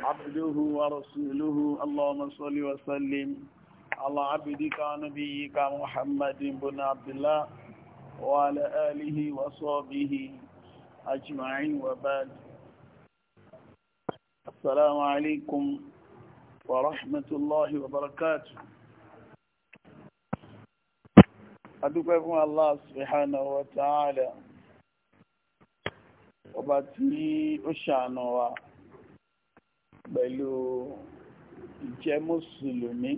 عبده ورسوله اللهم صل وسلم على عبدك ونبيك محمد بن عبد الله وعلى آله وصحبه أجمعين وبعد السلام عليكم ورحمة الله وبركاته أدعوكم الله سبحانه وتعالى وباتي أشانوا pẹ̀lú ìjẹ́ mùsùlùmí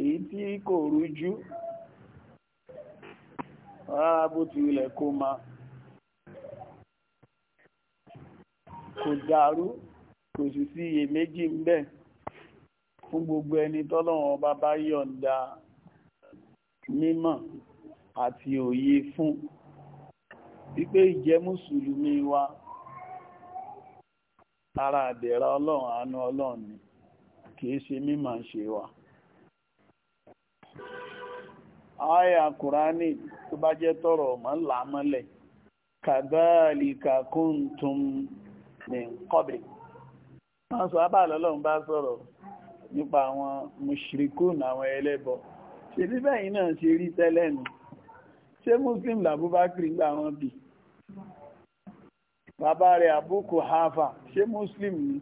èyí tí kò rújú rárá bó ti ilẹ̀ kó ma kò dàrú kò sì sí iye méjì ń bẹ fún gbogbo ẹni tọ́lọ́wọ́n bá bá yọ̀ǹda mímọ̀ àti òye fún wípé ìjẹ́ mùsùlùmí wa ara àdẹ̀rà ọlọ́run àánú ọlọ́run ni kìí ṣe mímọ̀ ṣe wà àyà kùránì tó bá jẹ́ tọrọ ọmọ ńlá mọ́lẹ̀ kàdáàlìkà kúntùm ní kọ́bì wọ́n sọ abáàlọ́lọ́run bá sọ̀rọ̀ nípa àwọn mushrikun àwọn ẹlẹ́bọ ṣe bíbẹ̀yìn náà ṣe rí tẹ́lẹ̀ nù ṣé muslim làbúbákiri gbà wọn bìí bàbá rẹ̀ àbúkù hafa ṣé muslim ni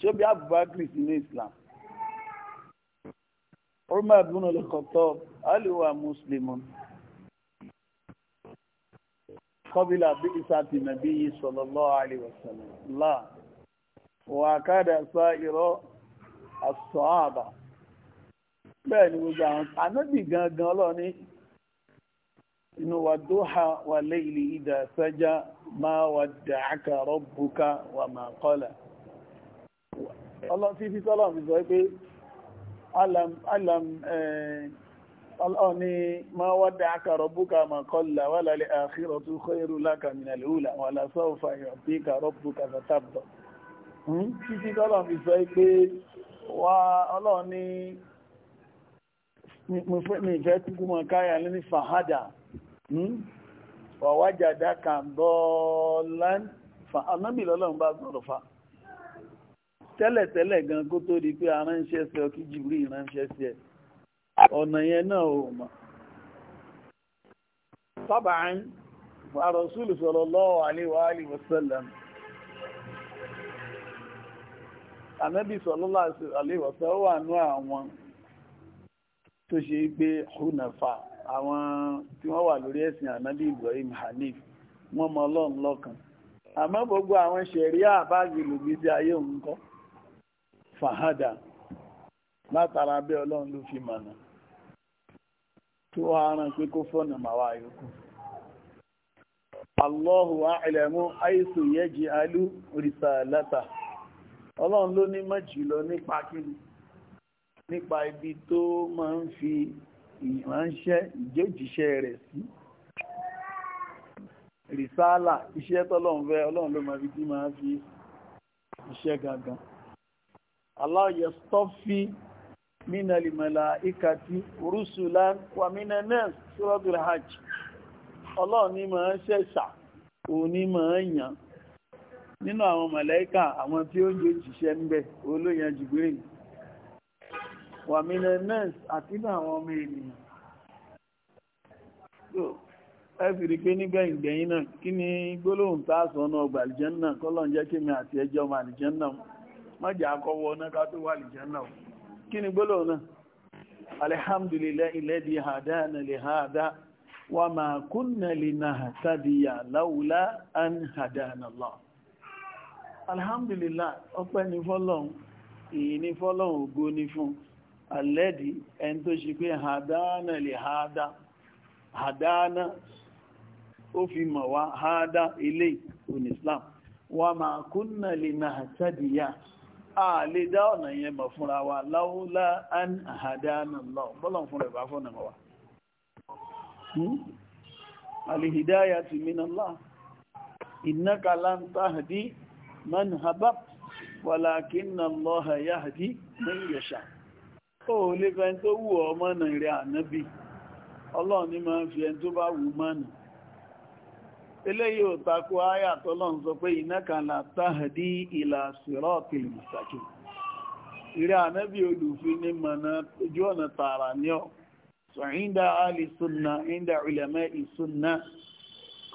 ṣé bí abubakar sí ní islam Umar ibn al-Khattab aliwa muslimun qabila bí isati nabiyyi sallallahu alaihi wasallam la wa kada sa'ira as-sahaba bẹ́ẹ̀ ni gbogbo àwọn anábì gangan ọlọ́ni inú wa dóha wà layli ìdà sájá máa wà da'aka rabbuka wà máa qala ọlọ́tí fi sọ́lọ̀ fi sọ pé alam alam ọlọ́ni máa wà da'aka rabbuka máa qala wà lal akhiratu khairu laka minal ula wà la sawfa yu'tika rabbuka fatarda títí hmm? tọ́lọ̀ fi sọ wà ọlọ́ni mi fẹ́ tí kú mọ̀ káyà lẹ́ni fàhádà ọ̀wájàdá kan bọ́ọ̀lán fa anábì lọ́lọ́run bá sọ̀rọ̀ fa tẹ́lẹ̀tẹ́lẹ̀ gan kó tó di pé aránṣẹ́ sí ọ jìbìrì ìránṣẹ́ sí ẹ ọ̀nà yẹn náà ò mọ̀ sábà ń Rasul sallallahu alaihi wa alihi wasallam anábì sallallahu alaihi wasallam wà ní àwọn tó ṣe gbé àwọn tí wọ́n wà lórí ẹ̀sìn ànábì Ibrahim Hanif wọ́n mọ ọlọ́run lọ́kàn àmọ́ gbogbo àwọn ṣẹ̀ríà báàgì lògbèsí ayé òun kọ́ fàhádà látara bẹ́ ọlọ́run ló fi mọ̀nà tó ààrùn pé kó fọ́nà màwà yòókù Allahu a'lamu àìsù yẹ́jì alú risalata ọlọ́run ló ní mọ̀ jùlọ nípa kíni nípa ibi tó máa ń fi ìránṣẹ́ ìjẹ́jìṣẹ́ rẹ̀ sí rìsáàlà iṣẹ́ tọ́lọ́run ọlọ́run ló máa fi tí máa fi iṣẹ́ gangan Allah yastafi minal malaikati rusulan wa minan nas suratul hajj ọlọ́run ní máa ṣẹ̀ṣà òun máa yàn nínú àwọn màláíkà àwọn tí ó ń jẹ́ òjìṣẹ́ níbẹ̀ wàmílẹ̀ nurse àti ní àwọn ọmọ ènìyàn so ẹ̀fì rí pé nígbẹ̀yìngbẹ̀yìn náà kí ni gbólóhùn tá a sọ náà ọgbà àlìjẹ́nà kọ́lọ́n jẹ́ kí mi àti ẹjọ́ ọmọ àlìjẹ́nà mọ́jà akọwọ́ náà ká tó wà àlìjẹ́nà kí ni gbólóhùn náà alhamdulillah alladhi hada wa ma kunna linahtadiya lawla èyí ògo fún alẹ́dì ẹni tó ṣe pé hadana lè hada hadana ó fi mọ̀ wá hada ilé òun islam wa ma kunna lè náà tàdíyà a lè dá ọ̀nà yẹn mọ̀ fúnra wa láúlá an hadana lọ bọ́lọ̀ fún rẹ̀ bá fọ́nà mọ̀ wá hmm? ti min Allah innaka man habab walakinna Allah yahdi man ó lè fẹ́ tó wù ọ mọ́nà rẹ̀ ànábì ọlọ́run ní máa ń fi ẹn tó bá wù mọ́nà eléyìí ò takò áyà tọ́lọ́run sọ pé innaka la tahdi ila siratil mustaqim ìrẹ́ ànábì olùfin ní mọ̀nà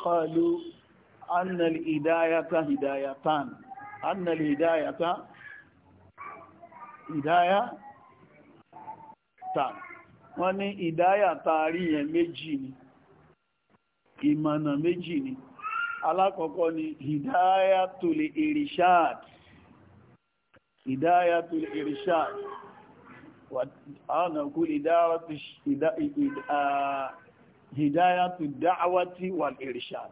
ojú hidayatan anna hidayata hidayatan mẹ́ta wọ́n ní ìdáyà taari yẹn méjì ni ìmọ̀nà méjì ni alákọ̀ọ́kọ́ ni ìdáyà tó lè irishad ìdáyà tó lè irishad àwọn kú ìdáyà tó dáwàtí wà irishad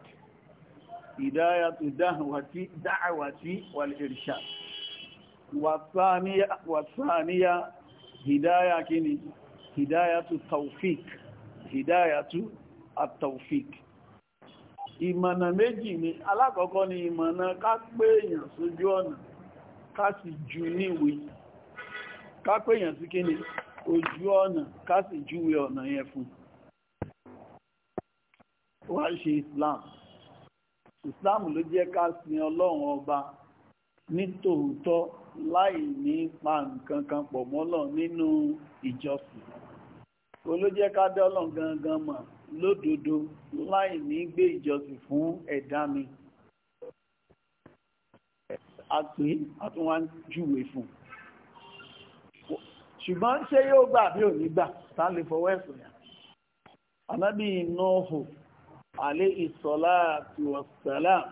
ìdáyà tó dáwàtí wà irishad wàtsáníyà hidaya kíni hidayatu taufik hidayatu at-taufik imana meji ni alákọ̀ọ́kọ́ ni ìmọ̀nà ká pé èèyàn sójú ọ̀nà ká sì jù níwé ká pé èèyàn sí kíni ojú ọ̀nà ká sì júwe ọ̀nà yẹn fún wá ṣe Islam Islam ló jẹ́ ká sin ọlọ́run ọba nítòótọ́ láì ní pa nǹkan kan pọ̀ mọ́lọ̀ nínú ìjọsìn olójẹ́ ká dọ́lọ̀ gangan mọ̀ lódodo láì ní gbé ìjọsìn fún ẹ̀dá mi àpé àtúnwá júwe fún ṣùgbọ́n ṣé yóò gbà bí ò ní gbà tá lè fọwọ́ ẹ̀sùn yà ànábì Nuhu àlé ìsọ̀lá àti wọ̀sálàmù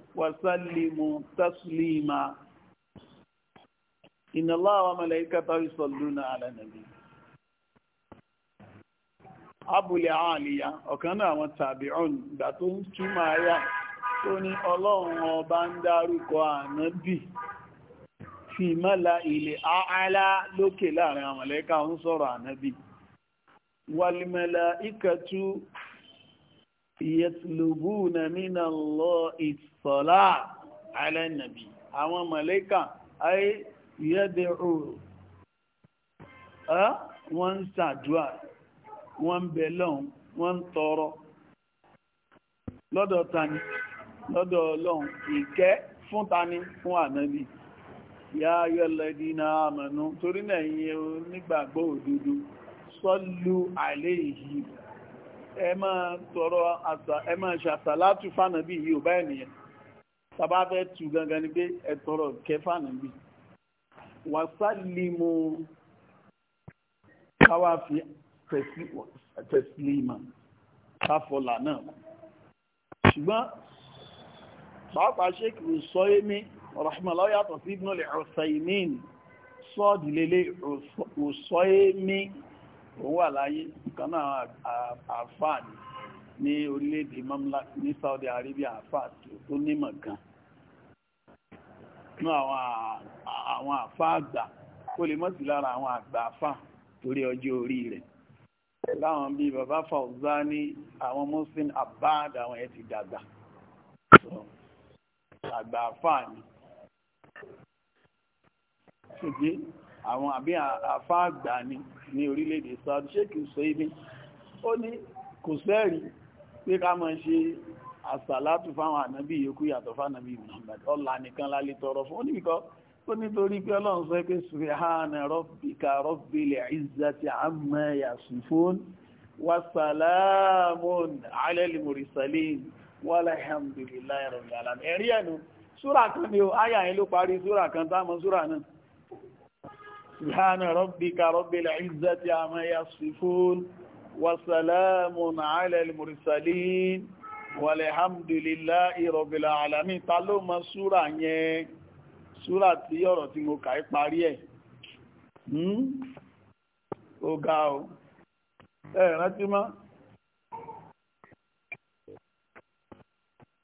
وسلموا تسليما إن الله وملائكته يصلون على النبي Abul Aliya ọ̀kan náà àwọn tàbíọ̀n ìgbà tó ń túmọ̀ ayá tó ní ọlọ́run ọba ń dárúkọ ànábì fi yatlubuna minallahi ìsọ̀lá ala nabi àwọn mọ̀lẹ́kà ayé yẹ́dẹ̀ òòrùn wọ́n ń ṣàdúrà wọ́n ń bẹ lọ́hùn wọ́n ń tọrọ lọ́dọ̀ tani lọ́dọ̀ ọlọ́hun ìkẹ́ fún tani fún ànábì ya ayyalladina amanu torí náà yẹ onígbàgbọ́ òdodo sallu alayhi ẹ máa tọrọ àṣà ẹ máa ṣàṣà látú fànàbí yìí ò bá ènìyàn tàbá fẹ́ tu gangan ni pé ẹ tọrọ kẹ fànàbí wàsálìmù káwá fi tẹ̀sílìmà káfọlà náà ṣùgbọ́n pàápàá sheik rusoyemi rahimahullah yàtọ̀ sí ibn al-usaymin sọ́ọ̀dì lélẹ̀ rusoyemi ó wà láyé kan náà àfáà ní orílẹ̀-èdè mamlaka ní Saudi Arabia àfáà tó nímọ̀ gan nú àwọn àfáà àgbà ó lè mọ́sí lára àwọn àgbà àfáà torí ọjọ́ orí rẹ̀ láwọn bí bàbá Fawzani àwọn Muhsin Abbad àwọn ẹ̀ ti dàgbà àgbà àfáà ni àwọn àbí àfáàgbà ni ní orílẹ̀-èdè Saudi Sheikh Usaimin ó ní kò sẹ́rí pé ká máa ṣe àsàlátù fáwọn ànábì yòókù yàtọ̀ fánàbí Muhammad ọlá nìkan lálẹ́ tọrọ fún oníbìkọ́ ó nítorí pé ọlọ́run sọ pé subhana rabbika rabbil izzati amma yasifun wasalamun ala al-mursalin walhamdulillahi rabbil alamin ẹ̀rí ẹ̀nu súrà kan ni ó سبحان ربك رب العزة عما يصفون وسلام على المرسلين والحمد لله رب العالمين tàló mọ súrà yẹn súrà tí ọ̀rọ̀ tí mo kà í parí ẹ̀ hmm? ó ga ọ ẹ rántí mọ́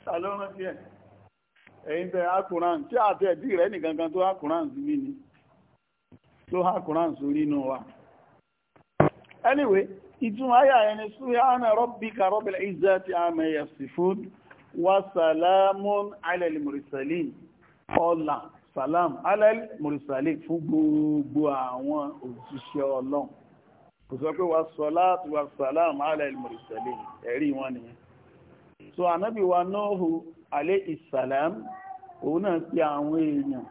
tàló rántí ẹ̀ ẹ̀yìn tẹ akùnrán tí àti ẹ̀dí rẹ̀ nìkankan tó akùnrán sí mi ni ló há Quran sórí inú wa anyway ìtumọ̀ ayà ẹni subhana rabbika rabbil izzati amma yasifun wa salamun ala al-mursalin ọlá salam ala al-mursalin fún gbogbo àwọn òjíṣẹ́ ọlọ́run kò sọ pé wa salatu wa salam ala al-mursalin ẹ̀rí wọn nìyẹn so ànábì wa Nuhu alayhi salam òun náà pe àwọn èèyàn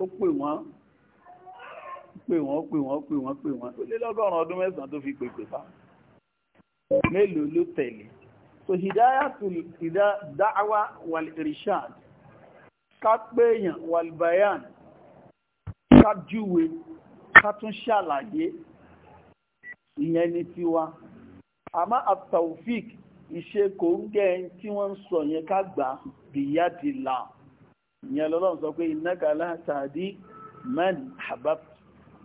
ó pè wọ́n pè wọ́n pè wọ́n pè wọ́n pè wọ́n ó lé lọ́gọ́rùn-ún ọdún mẹ́sàn-án tó fi pèpè fa mélòó ló tẹ̀lé so hidayatul da'wa wal irshad ká péyàn wal bayan ká júwe ká tún ṣàlàyé ìyẹn ni tiwa àmọ́ at-tawfiq ìṣe kò ń gẹ́ ẹni tí wọ́n ń sọ yẹn ká gbà bìyàdìlà ìyẹn lọ́lọ́run sọ pé innaka la tahdi man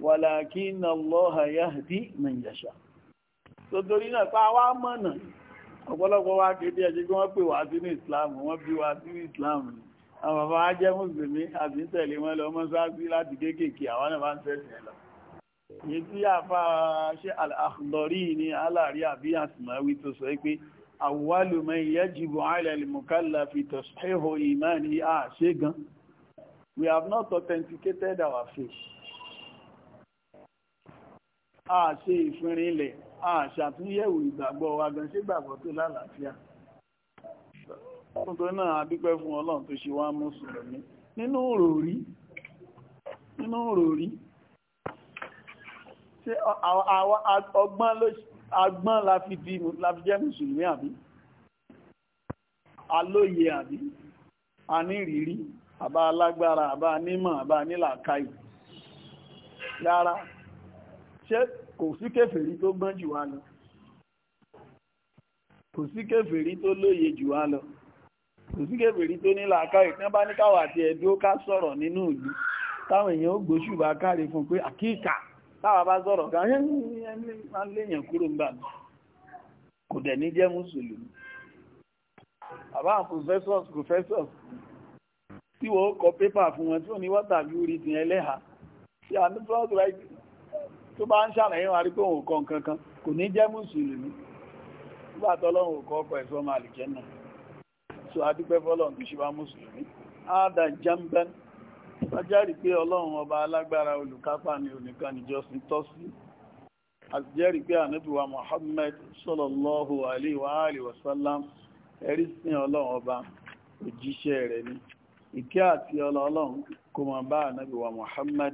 walakinna Allaha yahdi man yasha tòtòrí náà pa wá mọ̀nà ọ̀pọ̀lọpọ̀ wá kéde ẹ̀ṣẹ́ kí wọ́n pè wá sínú Islam wọ́n bí wá sínú Islam ni àwọn bàbá wa jẹ́ mùsùlùmí àti ń tẹ̀lé wọn lọ mọ́sáàsì láti kéékèèké àwọn náà bá ń tẹ̀sìn lọ èyí tí àfa ṣe al ni aláàrí àbí àsìmáwí tó sọ pé awwalu man yajibu ala al-mukallafi tashihu imani àṣẹ́gan we have not authenticated our faith a ṣe ìfinrin ilẹ̀ a ṣàtúnyẹ̀wò ìgbàgbọ́ wa gan ṣé gbàgbọ́ tó lálàáfíà ọkùnrin náà adúpẹ́ fún ọlọ́run tó ṣe wá mùsùlùmí nínú òròrí nínú òròrí ṣé ọgbọ́n ló agbọ́n la fi di la fi jẹ́ mùsùlùmí àbí alóye àbí anírírí àbá alágbára àbá anímọ̀ àbá nílàkàyè rárá ṣé kò sí kèfèrí tó gbọ́n jù wá lọ kò sí kèfèrí tó lóye jù wá lọ kò sí kèfèrí tó ní làákàyè tí wọ́n bá ní káwà àti ẹ̀dúró ká sọ̀rọ̀ nínú ìlú táwọn èèyàn ó gbóṣùbà káre fún pé àkíkà táwa bá sọ̀rọ̀ kan yẹn máa léèyàn kúrò ń bà mí kò dẹ̀ ní jẹ́ mùsùlùmí àbá professors professors tí wọ́n kọ pépà fún wọn tí wọ́n ní wọ́n tàbí orí ti ẹlẹ́hàá tí a ní tó bá ń ṣàlàyé wọn rí pé òun kọ nǹkan kan kò ní jẹ́ mùsùlùmí nígbà tọ́lọ́run ò kọ́ ọkọ̀ ẹ̀sọ́ ọmọ àlìjẹ́ náà so adúpẹ́ fọ́lọ́run tó ṣe wá mùsùlùmí ádà jamban lájẹ́rìí pé ọlọ́run ọba alágbára olùkápá ni onìkan níjọsìn tọ́ sí àjẹ́rìí pé ànábìwá Muhammad sallallahu alaihi wa alihi wa sallam ẹ̀rí sin ọlọ́run ọba òjíṣẹ́ rẹ̀ ni ìkẹ́ àti ọlọ́run kò mọ̀ bá ànábìwá Muhammad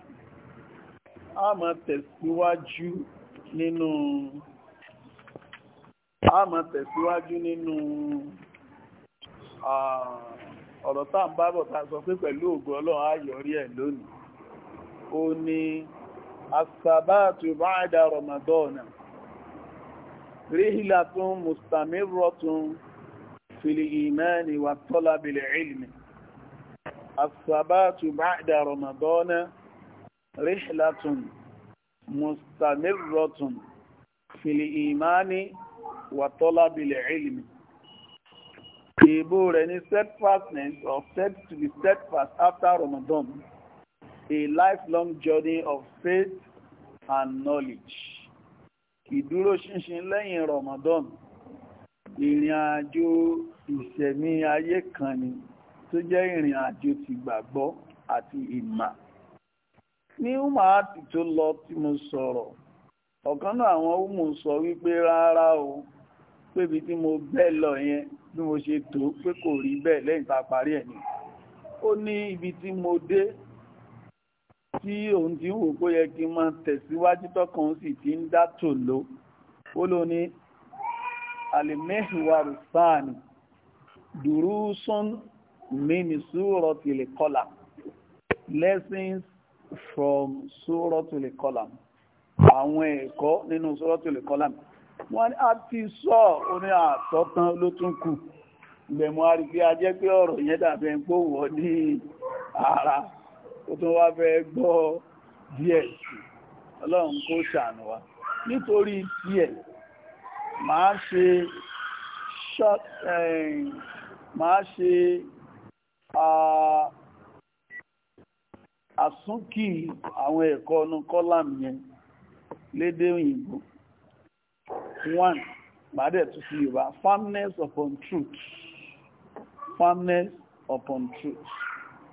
a ma tẹ̀síwájú nínú a máa tẹ̀síwájú nínú ah, ọ̀rọ̀ tá ń bábọ̀ tá sọ pé pẹ̀lú ògo Ọlọ́run á ẹ̀ lónìí o ni asabatu ba'da ramadana rihilatun mustamirratun fil imani wa talabil ilmi asabatu ba'da ramadana rihlatun mustamirrotun fili imani wa tolabil ilmi ìbò rẹ̀ ní steadfastness of stead to be steadfast after Ramadan a lifelong journey of faith and knowledge ìdúróṣinṣin lẹ́yìn Ramadan ìrìn àjò ìṣẹ̀mí ayé kan ni tó jẹ́ ìrìn àjò ti gbàgbọ́ àti ìmà ní umahat tó lọ tí mo sọ̀rọ̀ ọ̀kan náà àwọn umu sọ wípé rárá o pébi tí mo bẹ́ẹ̀ lọ yẹn bí mo ṣe tó pé kò rí bẹ́ẹ̀ lẹ́yìn tá a parí ẹ̀ ni ó ní ibi tí mo dé tí òun ti ń wò pé yẹ kí n máa tẹ̀síwájú tọkàn sì ti ń dá tòló ó ló ní alimẹ́hìwárù sáàni dùrúsùn mínísúrọ̀ tìlẹ̀kọlà lessons from Suratul Qalam àwọn ẹ̀kọ́ nínú Suratul Qalam wọ́n á ti sọ oní àtọ́tán ló tún kù gbẹ̀mú àrígbé ajẹ́ pé ọ̀rọ̀ yẹn dàbẹ̀ ń pò wọ́ ní ara ó tún wá fẹ́ gbọ́ díẹ̀ sí ọlọ́run kó ṣàánú wa nítorí díẹ̀ máa ṣe eh, máa ṣe ah, àsúnkì àwọn ẹ̀kọ́ ọ̀nà kọ́làm yẹn lédè òyìnbó one màdẹ̀ tún sí yorùbá firmness upon truth firmness upon truth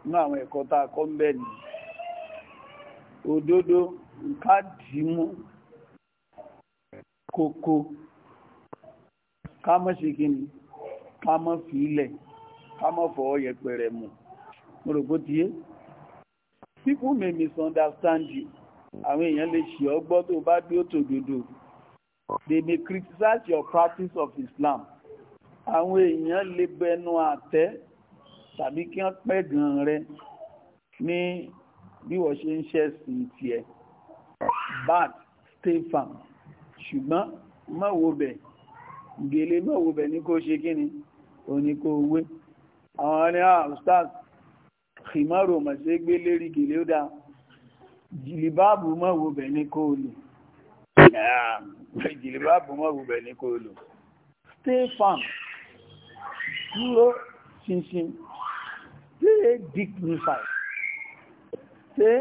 ní àwọn ẹ̀kọ́ tá a kọ́ ń bẹ̀ nìyí òdodo nǹkan dìímú kókó ká mọ́ ṣe kí ni ká fi ilẹ̀ ká mọ́ fọwọ́ yẹpẹrẹ mú mo rò bó ti yé people may misunderstand you àwọn èèyàn lè ṣì ọ́ gbọ́ tó bá gbé òtòdodo they may criticize your practice of Islam àwọn èèyàn lè bẹnu àtẹ́ tàbí kí wọ́n pẹ́ gan rẹ ní bí wọ́n ṣe ń ṣẹ̀sìn tiẹ̀ bad stay firm ṣùgbọ́n má wo bẹ̀ gèlè má wo bẹ̀ ní kó ṣe kí ni òní kó wé àwọn ọ̀rẹ́ àwọn ah, stars kìmọ́rò mọ̀ṣẹ́ gbé lérí gèlè ó dá jìlìbáàbù mọ́wò bẹ̀ ní kó lò jìlìbáàbù mọ́wò bẹ̀ ní kó lò stay firm dúró ṣinṣin stay dignified stay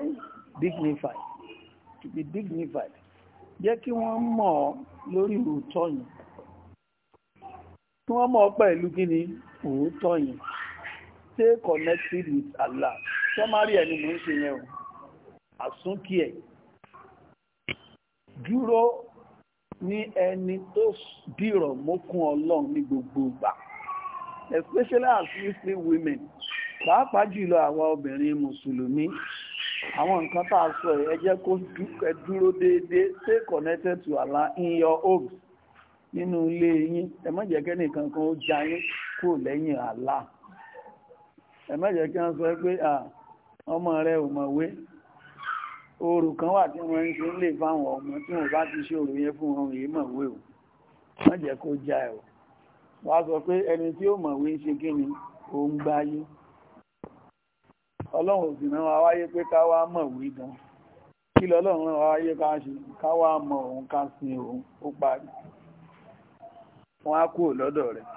dignified to be dignified jẹ́ kí wọ́n mọ̀ ọ́ lórí òótọ́ yẹn kí wọ́n mọ̀ ọ́ pẹ̀lú kí ni òótọ́ yẹn stay connected with Allah sọmárì ẹni mò ń ṣe yẹn o àsúnkì ẹ dúró ní ẹni tó dìrọ̀ mókun Ọlọ́run ní gbogbo ìgbà especially as Muslim women pàápàá jùlọ àwa obìnrin mùsùlùmí àwọn nǹkan tá a sọ ẹ jẹ́ kó dúró déédéé stay connected to Allah in your home nínú ilé yín ẹ má jẹ́ kẹ́nìkan kan ó jayín kúrò lẹ́yìn Allah ẹ má jẹ́ kí wọ́n sọ pé ọmọ rẹ ò mọ̀wé oòrùn kan wà tí wọ́n ń ṣe lè fáwọn ọmọ tí wọ́n bá ti ṣe oòrùn yẹn fún wọn èyí mọ̀wé o má jẹ́ kó já ẹ̀ o wá sọ pé ẹni tí ó mọ̀wé ṣe kí ni ó ń gbáyé ọlọ́run òsì náà wá wáyé pé ká wá mọ̀wé gan kí lọ́lọ́run wá wáyé ká ṣe ká wá mọ òun ká sin òun ó parí wọ́n á kúrò lọ́dọ̀ rẹ̀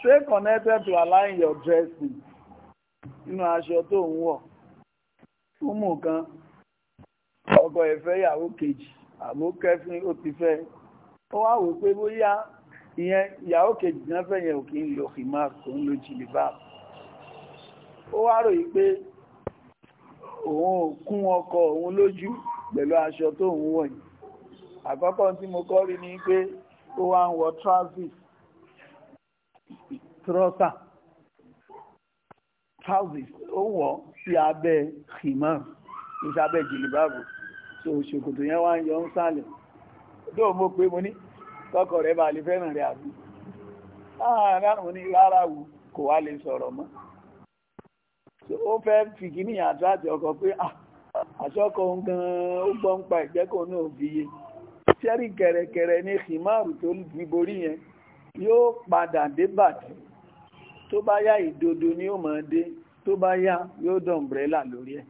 stay connected to align your dressing nínú aṣọ tó ń wọ̀ fún mú kan ọkọ ẹ̀fẹ́ ìyàwó kejì àbó kẹfín ó ti fẹ́ ó wá wò pé bóyá ìyẹn ìyàwó kejì náà fẹ́ yẹn ò kí ń lo himar kò ń lo jilibab ó wá rò yí pé òun ò kún ọkọ òun lójú pẹ̀lú aṣọ tó ń wọ̀ yìí àkọ́kọ́ tí mo kọ́ rí ni pé ó wá ń wọ traffic trọ́sà trousers ó wọ̀ sí abẹ́ khimar ní sábẹ́ jìlìbáàbù so ṣòkòtò yẹn wá ń yọ ń sálẹ̀ tó mọ́ pé mo ní tọkọ rẹ̀ bá lè fẹ́ràn rẹ̀ àbí láàárín ah, mo ní rárá wù kò wá lè sọ̀rọ̀ mọ́ ó fẹ́ fi kíní àti àti ọkọ̀ pé ah, àṣọ́kọ̀ gan-an ó gbọ́n pa ìjẹ́kọ̀ọ́ náà fi yé ṣẹ́rí kẹ̀rẹ̀kẹ̀rẹ̀ ní khimar tó fi borí yẹn yóò padà dé bàtí tó bá yá ìdodo ni ó mọ̀ dé tó bá yá yóò dán ọ̀mbrẹ́là lórí ẹ̀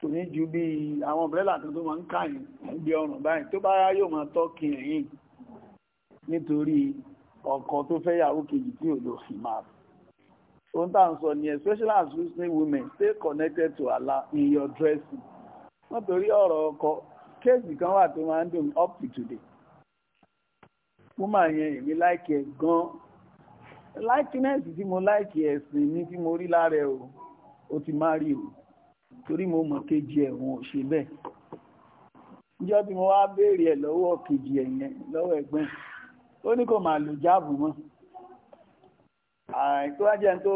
tò ní ju bí àwọn ọ̀mbrẹ́là tó tó máa ń káyìn gbé ọrùn báyìí tó bá yá yóò máa tọ́kì ẹ̀yìn nítorí ọkọ tó fẹ́ yàwó kejì tí ò lò fi máa ohun tá à ń sọ ni especially as muslim women stay connected to Allah in your dressing wọ́n torí ọ̀rọ̀ ọkọ kéèsì kan wà tó máa ń dùn up to today wúmà yẹn èmi láìkì ẹ̀ gan likeness tí mo láìkì ẹ̀sìn ní tí mo rí lára ẹ̀ o ti má rí o torí mo mọ̀ kejì ẹ̀ ò ṣe bẹ́ẹ̀ níjọ́ tí mo wá béèrè ẹ̀ lọ́wọ́ kejì ẹ̀ yẹn lọ́wọ́ ó ní kò máa lò jáàbù mọ́ àìtó ajẹ́ tó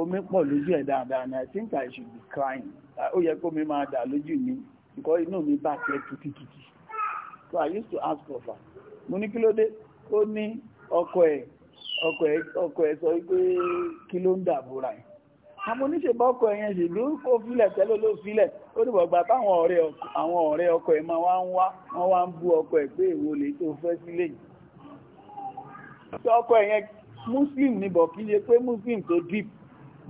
omi pọ̀ lójú ẹ̀ dáadáa and I think I should be crying ó yẹ kó mi máa dà lójú mi because inú mi bàtẹ́ kìtìkìtì so I used to ask for that mo ní kí ló dé ó ní ọkọ ẹ̀ ọkọ ẹ̀ ọkọ ẹ̀ sọ wípé kí ló ń dàbúrà ẹ̀ àwọn oníṣègbè ọkọ ẹ̀yẹn ṣèlú kó filẹ̀ tẹ́lẹ̀ ló filẹ̀ ó ní bọ̀gbà táwọn ọ̀rẹ́ àwọn ọ̀rẹ́ ọkọ ẹ̀ máa ń wá wọ́n wá ń bú ọkọ ẹ̀ pé èwo lè tó fẹ́ sílé yìí tí ẹ̀yẹn muslim ni bọ̀ kí ṣe pé muslim tó deep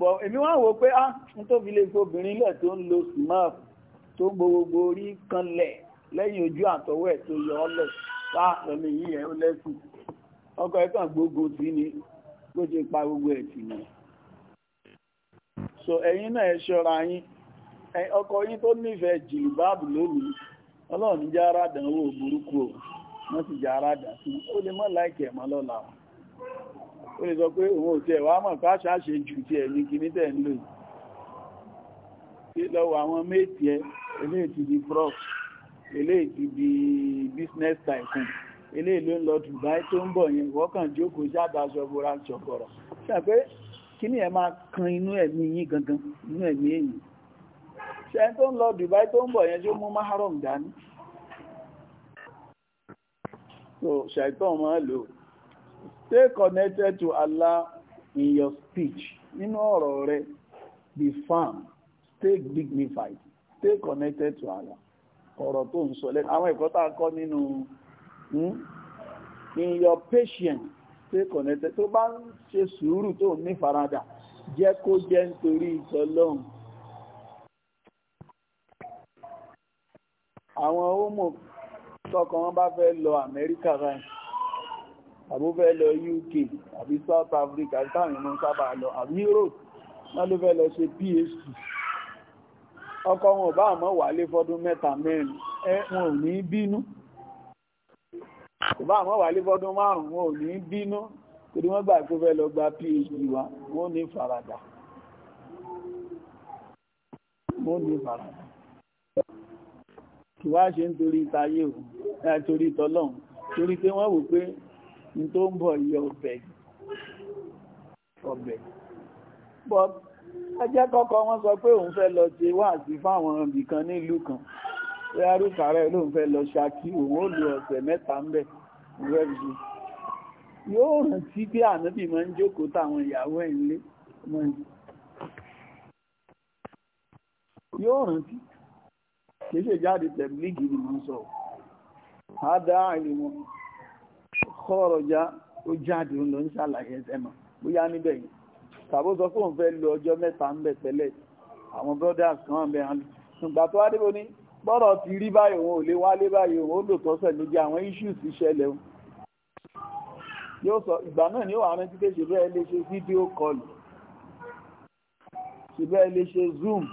bọ̀ èmi wá wò pé ah n tó fi lè fi obìnrin lẹ̀ tó ń lo smurf tó ń gbogbo orí kanlẹ̀ lẹ́yìn ojú àtọwọ́ ẹ̀ tó yọ ọ́ lẹ̀ sá ah, lọ́mọ yìí ó lẹ́sìn ọkọ̀ ẹ̀ kàn gbógun tì ní ti pa gbogbo ẹ̀ tì so ẹ̀yin náà ẹ ṣọ́ra ọkọ yín tó nífẹ̀ẹ́ jìlìbáàbù lónìí ọlọ́run ní owó burúkú o wọ́n sì sí ó lè mọ́ o ó sọ pé òun ò tiẹ̀ mọ̀ ká ṣàṣe jù tiẹ̀ ní tẹ̀ ń lò yìí lọ́wọ́ àwọn méjì eléyìí ti di business tycoon eléyìí ló ń lọ Dubai tó ń bọ̀ yẹn wọ́kàn jókòó sábà ṣọ́bùra ṣọ̀kọ̀rọ̀ ṣàpẹ́ kí ni máa kan inú ẹ̀mí yín gangan inú ẹ̀mí èyí ṣe tó ń lọ Dubai tó ń bọ̀ yẹn tó mú maharam dání so ṣàìtàn máa lò stay connected to Allah in your speech nínú ọ̀rọ̀ rẹ be firm stay dignified stay connected to Allah ọ̀rọ̀ tó ń sọ lẹ́nu àwọn ẹ̀kọ́ tá kọ́ nínú hmm, in your patience stay connected tó bá ń ṣe sùúrù tó ní faradà jẹ́ kó jẹ́ nítorí ìtọ́lọ́hùn àwọn homo tọkàn wọn bá fẹ́ lọ Amẹ́ríkà rẹ̀ àbó fẹ́ lọ UK àbí South Africa táwọn ìmọ̀ sábà lọ àbí Europe wọn ló fẹ́ lọ ṣe PhD ọkọ wọn ò bá àmọ́ wálé fọ́dún mẹ́ta mẹ́rin wọn ò ní bínú kò bá àmọ́ wálé fọ́dún márùn wọn ò ní bínú kò ní wọ́n gbà pé fẹ́ lọ gba phd wa wọ́n ní faradà wọ́n ní faradà kí wá ṣe nítorí ìtayé o nítorí ìtọ́lọ́hún torí pé wọ́n wò pé ní tó ń bọ̀ yọ ọbẹ̀ ọbẹ̀ ẹjẹ́ kọ́kọ́ wọ́n sọ pé òun fẹ́ lọ ṣe wáàsí fáwọn ibìkan nílùú kan rẹ́rù kààrẹ lóun fẹ́ lọ ṣakí òun ó lo ọ̀sẹ̀ mẹ́ta ń bẹ̀ rẹ́rù yóò rántí pé ànábì máa ń jókòó táwọn ìyàwó ẹ̀ nílé yóò rántí kìí ṣe jáde tẹ̀blígì ni wọ́n sọ àádá ìlú kọ́rọ̀ já ó jáde ń lọ ń ṣàlàyé ẹ̀sẹ̀ bóyá níbẹ̀ yìí tàbó sọ fún òun fẹ́ lo ọjọ́ mẹ́ta ń bẹ̀ tẹ́lẹ̀ àwọn brothers kan bẹ̀ hàn ṣùgbọ́n tó wá dé bóní bọ́rọ̀ ti rí báyìí òun ò lè wálé báyìí òun ó lò tọ́sẹ̀ lójú àwọn issues ìṣẹ̀lẹ̀ òun yóò sọ ìgbà náà ní wàá rántí ṣe bẹ́ẹ̀ lè ṣe fídíò kọlù ṣe bẹ́ẹ̀ lè ṣe zoom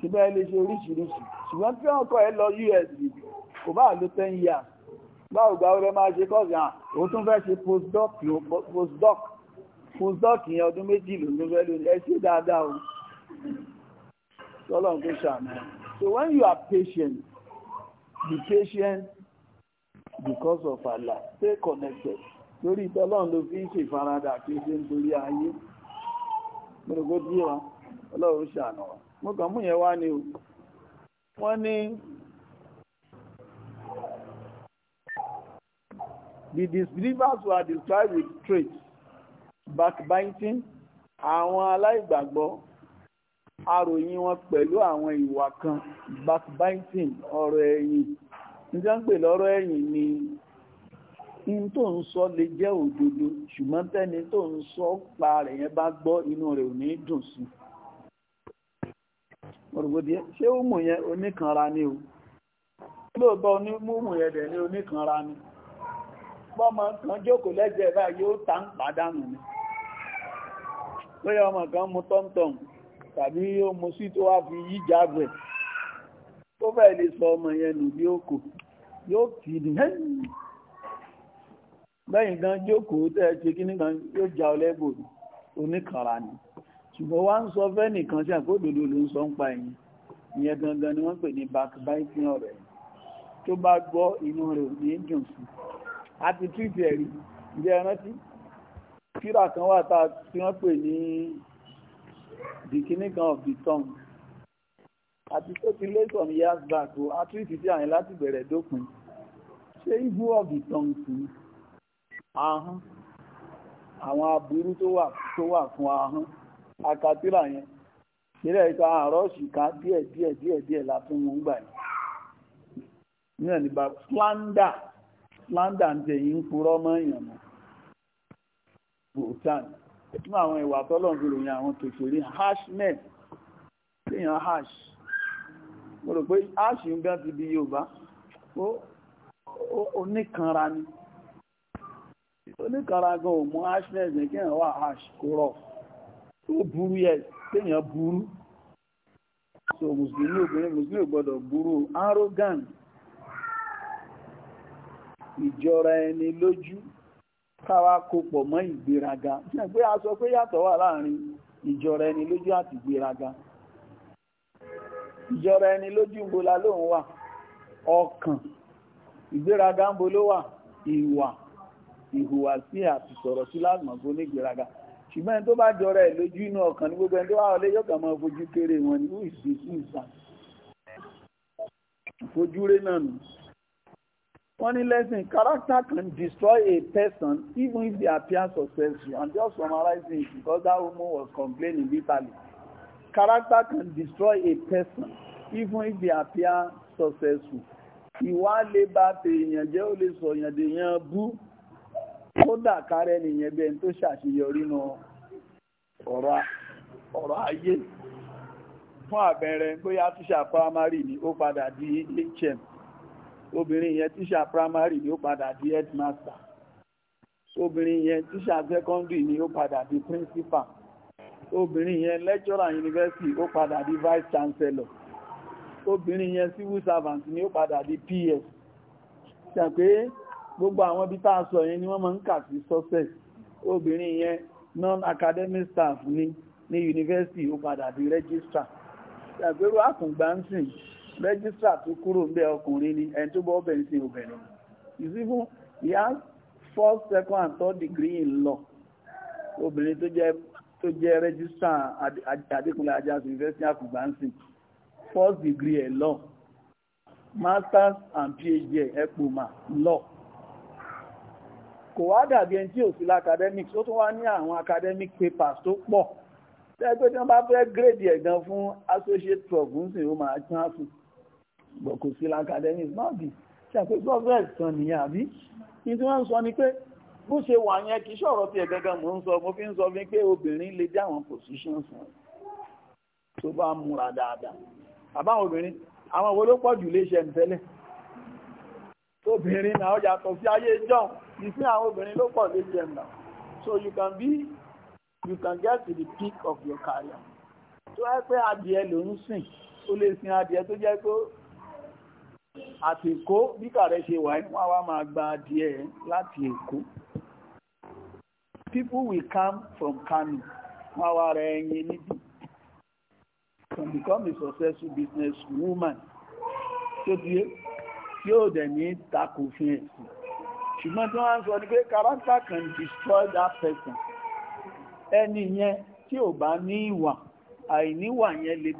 ṣe bẹ́ẹ̀ lè ṣe oríṣiríṣi ṣùgbọ́n tí wọ́n kọ́ ẹ lọ usd kò bá ló ten years báwo gba ọ̀rẹ́ máa ṣe kọ́ọ̀sì hàn ó tún fẹ́ ṣe postdoc fún sọ́ọ̀kì ọdún méjì lòún fẹ́ lónìí dáadáa o tọ́lọ́run tó ṣàmì so when you are patient be patient because of Allah stay connected torí tọ́lọ́run ló fi ń ṣèfaradà kí ó ṣe ń torí ayé gbogbo tí wa ọlọ́run ṣàánà wa mo kàn mú yẹn wá ni o wọ́n ní the disbelievers were described with traits backbiting àwọn aláìgbàgbọ́ àròyìn wọn pẹ̀lú àwọn ìwà kan backbiting ọ̀rọ̀ ẹ̀yìn nígbà ń lọ́rọ̀ ẹ̀yìn ni in tó ń sọ lè jẹ́ òdodo ṣùgbọ́n tẹ́ni tó ń sọ pa rẹ̀ yẹn bá gbọ́ inú rẹ̀ ò ní dùn sí ọ̀rọ̀gbọ́dìẹ́ ṣé ó mú yẹn oníkanra ni o lóòótọ́ onímúmù yẹn dẹ̀ ní oníkanra ni bọ́mọ kan jókòó lẹ́jẹ̀ẹ́ báyìí ó ta ń pàdánù ni bóyá ọmọ kan mu tọ́mtọ́m tàbí ó mu sí tó wá fi yíjà gbẹ̀ tó fẹ́ lè sọ ọmọ yẹn nù bí ó kò yóò kì í nìyẹn gan jókòó tẹ́ ṣe kíní kan yóò já ọ lẹ́bò oníkànra ni ṣùgbọ́n wá ń sọ fẹ́ nìkan sí àkóòdòdó ló ń sọ ń pa ẹ̀yìn ìyẹn gangan ni wọ́n pè ní backbiting ọ̀rẹ́ tó bá gbọ́ inú rẹ̀ ò ní dùn sí àti tíìtì ẹ̀rí ìjẹ́ rántí kíra kan wà tá tí wọ́n pè ní the kinnigan of the tongue àti tó ti lé some years back o àtúntì tí àyìn láti bẹ̀rẹ̀ dópin ṣé ibu of the tongue sí ahọ́n àwọn aburú tó wà tó wà fún ahọ́n akatira yẹn ìrẹ́ ìta àrọ́ọ̀ṣì ká díẹ̀ díẹ̀ díẹ̀ díẹ̀ látún mú gbà yìí ní ẹ̀nìbà slander slander ń tẹ̀yìn ń purọ́ mọ́ èèyàn mọ́ bhutan nínú àwọn ìwà tọ́lọ̀ fi ròyìn àwọn kèfèrí hashmet léèyàn hash mo rò pé hash ń gán ti di yorùbá oníkanra ni oníkanra gan ò mú hashmet ní kí wà hash kó rọ̀ tó burú yẹ téèyàn burú so musulmi obìnrin musulmi gbọ́dọ̀ burú arrogant ìjọra ẹni lójú káwa kó pọ̀ mọ́ ìgbéraga pé a sọ pé yàtọ̀ wà láàrin ìjọra ẹni lójú àti ìgbéraga ìjọra ẹni lójú ń bo la lóun wà ọkàn ìgbéraga ń bo ló wà ìwà ìhùwàsí àti sọ̀rọ̀ sí lágbọ̀ngbọ́n ní ìgbéraga ṣùgbọ́n ẹni tó bá jọra ẹ̀ lójú inú ọkàn ní gbogbo ẹni tó wà wọlé yóò kàn máa fojú kéré wọn ní ìsìn sí ìsà fojú ré nù wọ́n lesson character can destroy a person even if they appear successful And just summarizing it because that woman was complaining bitterly character can destroy a person even if they appear successful ìwà lè bá tèèyàn jẹ́ ó lè sọ èèyàn dèèyàn bú kódà kárẹ́ nìyẹn bẹ́ẹ̀ tó ṣàṣeyọrí nù ọ̀rọ̀ ayé fún àbẹ̀rẹ̀ bóyá tíṣà primary ni ó padà di HM obìnrin yẹn tíṣà primary ni ó padà di headmaster obìnrin yẹn tíṣà secondary ni ó padà di principal obìnrin yẹn lecturer university ó padà di vice chancellor obìnrin yẹn civil servant ni ó padà di PS ṣàpé gbogbo àwọn ibi tá a sọ yẹn ni wọ́n máa ń kà sí success obìnrin yẹn non-academic staff ni ní yunifásitì ó padà di registrar ṣàpérò àkùngbà ń sìn Registrar tó kúrò ń bẹ ọkùnrin ni ẹni tó bọ́ ọbẹ̀rin sí obìnrin is even he has first second and third degree in law obìnrin tó jẹ́ tó jẹ́ rẹ́gísítà Adékúnlé Ajásin University Àkùgbà first degree in law masters and phd epoma law kò wá dàbí ẹni tí ò sí academics ó tún wá ní àwọn academic papers tó pọ̀ tẹ́gbẹ́ tí wọ́n bá fẹ́ grade ẹ̀gan fún associate prof ń sìn ó máa tán but kò sí l'academy is not the ṣàpé progress kan nìyẹn àbí kí tí wọ́n ń sọ ni pé bó ṣe wà yẹn kì í ṣọ̀rọ̀ tiẹ̀ gangan ń sọ mo fi ń sọ fún pé obìnrin lè dá àwọn positions wọn tó bá múra dáadáa àbáwọn obìnrin àwọn wo ló pọ̀ jù léṣẹ̀ ń tẹ́lẹ̀ obìnrin náà yàtọ̀ sí ayé john ìsìn àwọn obìnrin ló pọ̀ léṣẹ̀ ń náà so you can be you can get to the peak of your career tó ẹ pé adìẹ ló ń sìn ó lè sin adìẹ tó jẹ́ pé àti èkó bí kààrẹ ṣe wà wọ́n wá máa gba adìẹ láti èkó people will come from Kano wọ́n wá ra ẹyin níbi can become a successful business woman tó di tí ó dẹ̀ ní takò fi ẹ̀sìn ṣùgbọ́n tí wọ́n ń sọ ní pé character can destroy that person ẹni yẹn tí ò bá ní ìwà àìníwà yẹn lè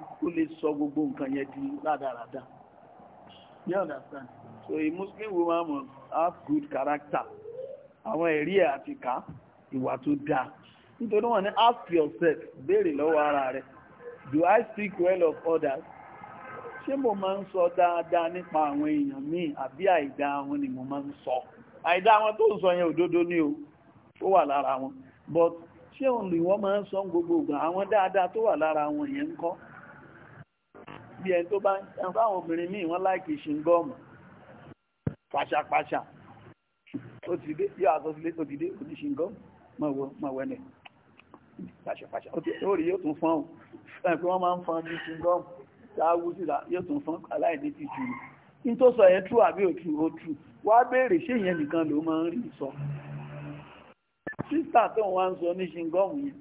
sọ gbogbo nǹkan yẹn di rádaràda. You understand? So a Muslim woman must have good character. Àwọn ẹ̀rí ẹ̀ àti ká ìwà tó dáa. Nítorí wọ́n ní ask yourself, béèrè lọ́wọ́ ara rẹ̀. Do I speak well of others? Ṣé mo máa ń sọ dáadáa nípa àwọn èèyàn míì àbí àìdá wọn ni mo máa ń sọ? Àìdá wọn tó ń sọ yẹn òdodo ni o, ó wà lára wọn. But ṣé òun lè wọ́n máa ń sọ gbogbo ìgbà àwọn dáadáa tó wà lára wọn yẹn ń kọ́? bí ẹni tó bá ń jẹun fáwọn obìnrin míì wọ́n láìkì ṣingọ́ọ̀mù pàṣàpàṣà ó ti dé yóò àtọ́ sílé ó ti dé ó ti ṣingọ́ọ̀mù mọ̀wọ́ mọ̀wọ́ ẹ̀nẹ̀ pàṣàpàṣà ó ti ó rí yóò tún fọ́n o ẹ̀ pé wọ́n máa ń fọ́n bí ṣingọ́ọ̀mù ṣááwú síta yóò tún fọ́n aláìní ti jù ní tó sọ yẹn tú àbí òtú òtú wá béèrè ṣé ìyẹn nìkan ló máa ń rí sọ sísà tó wá ń sọ ní ṣingọ́ọ̀mù yẹn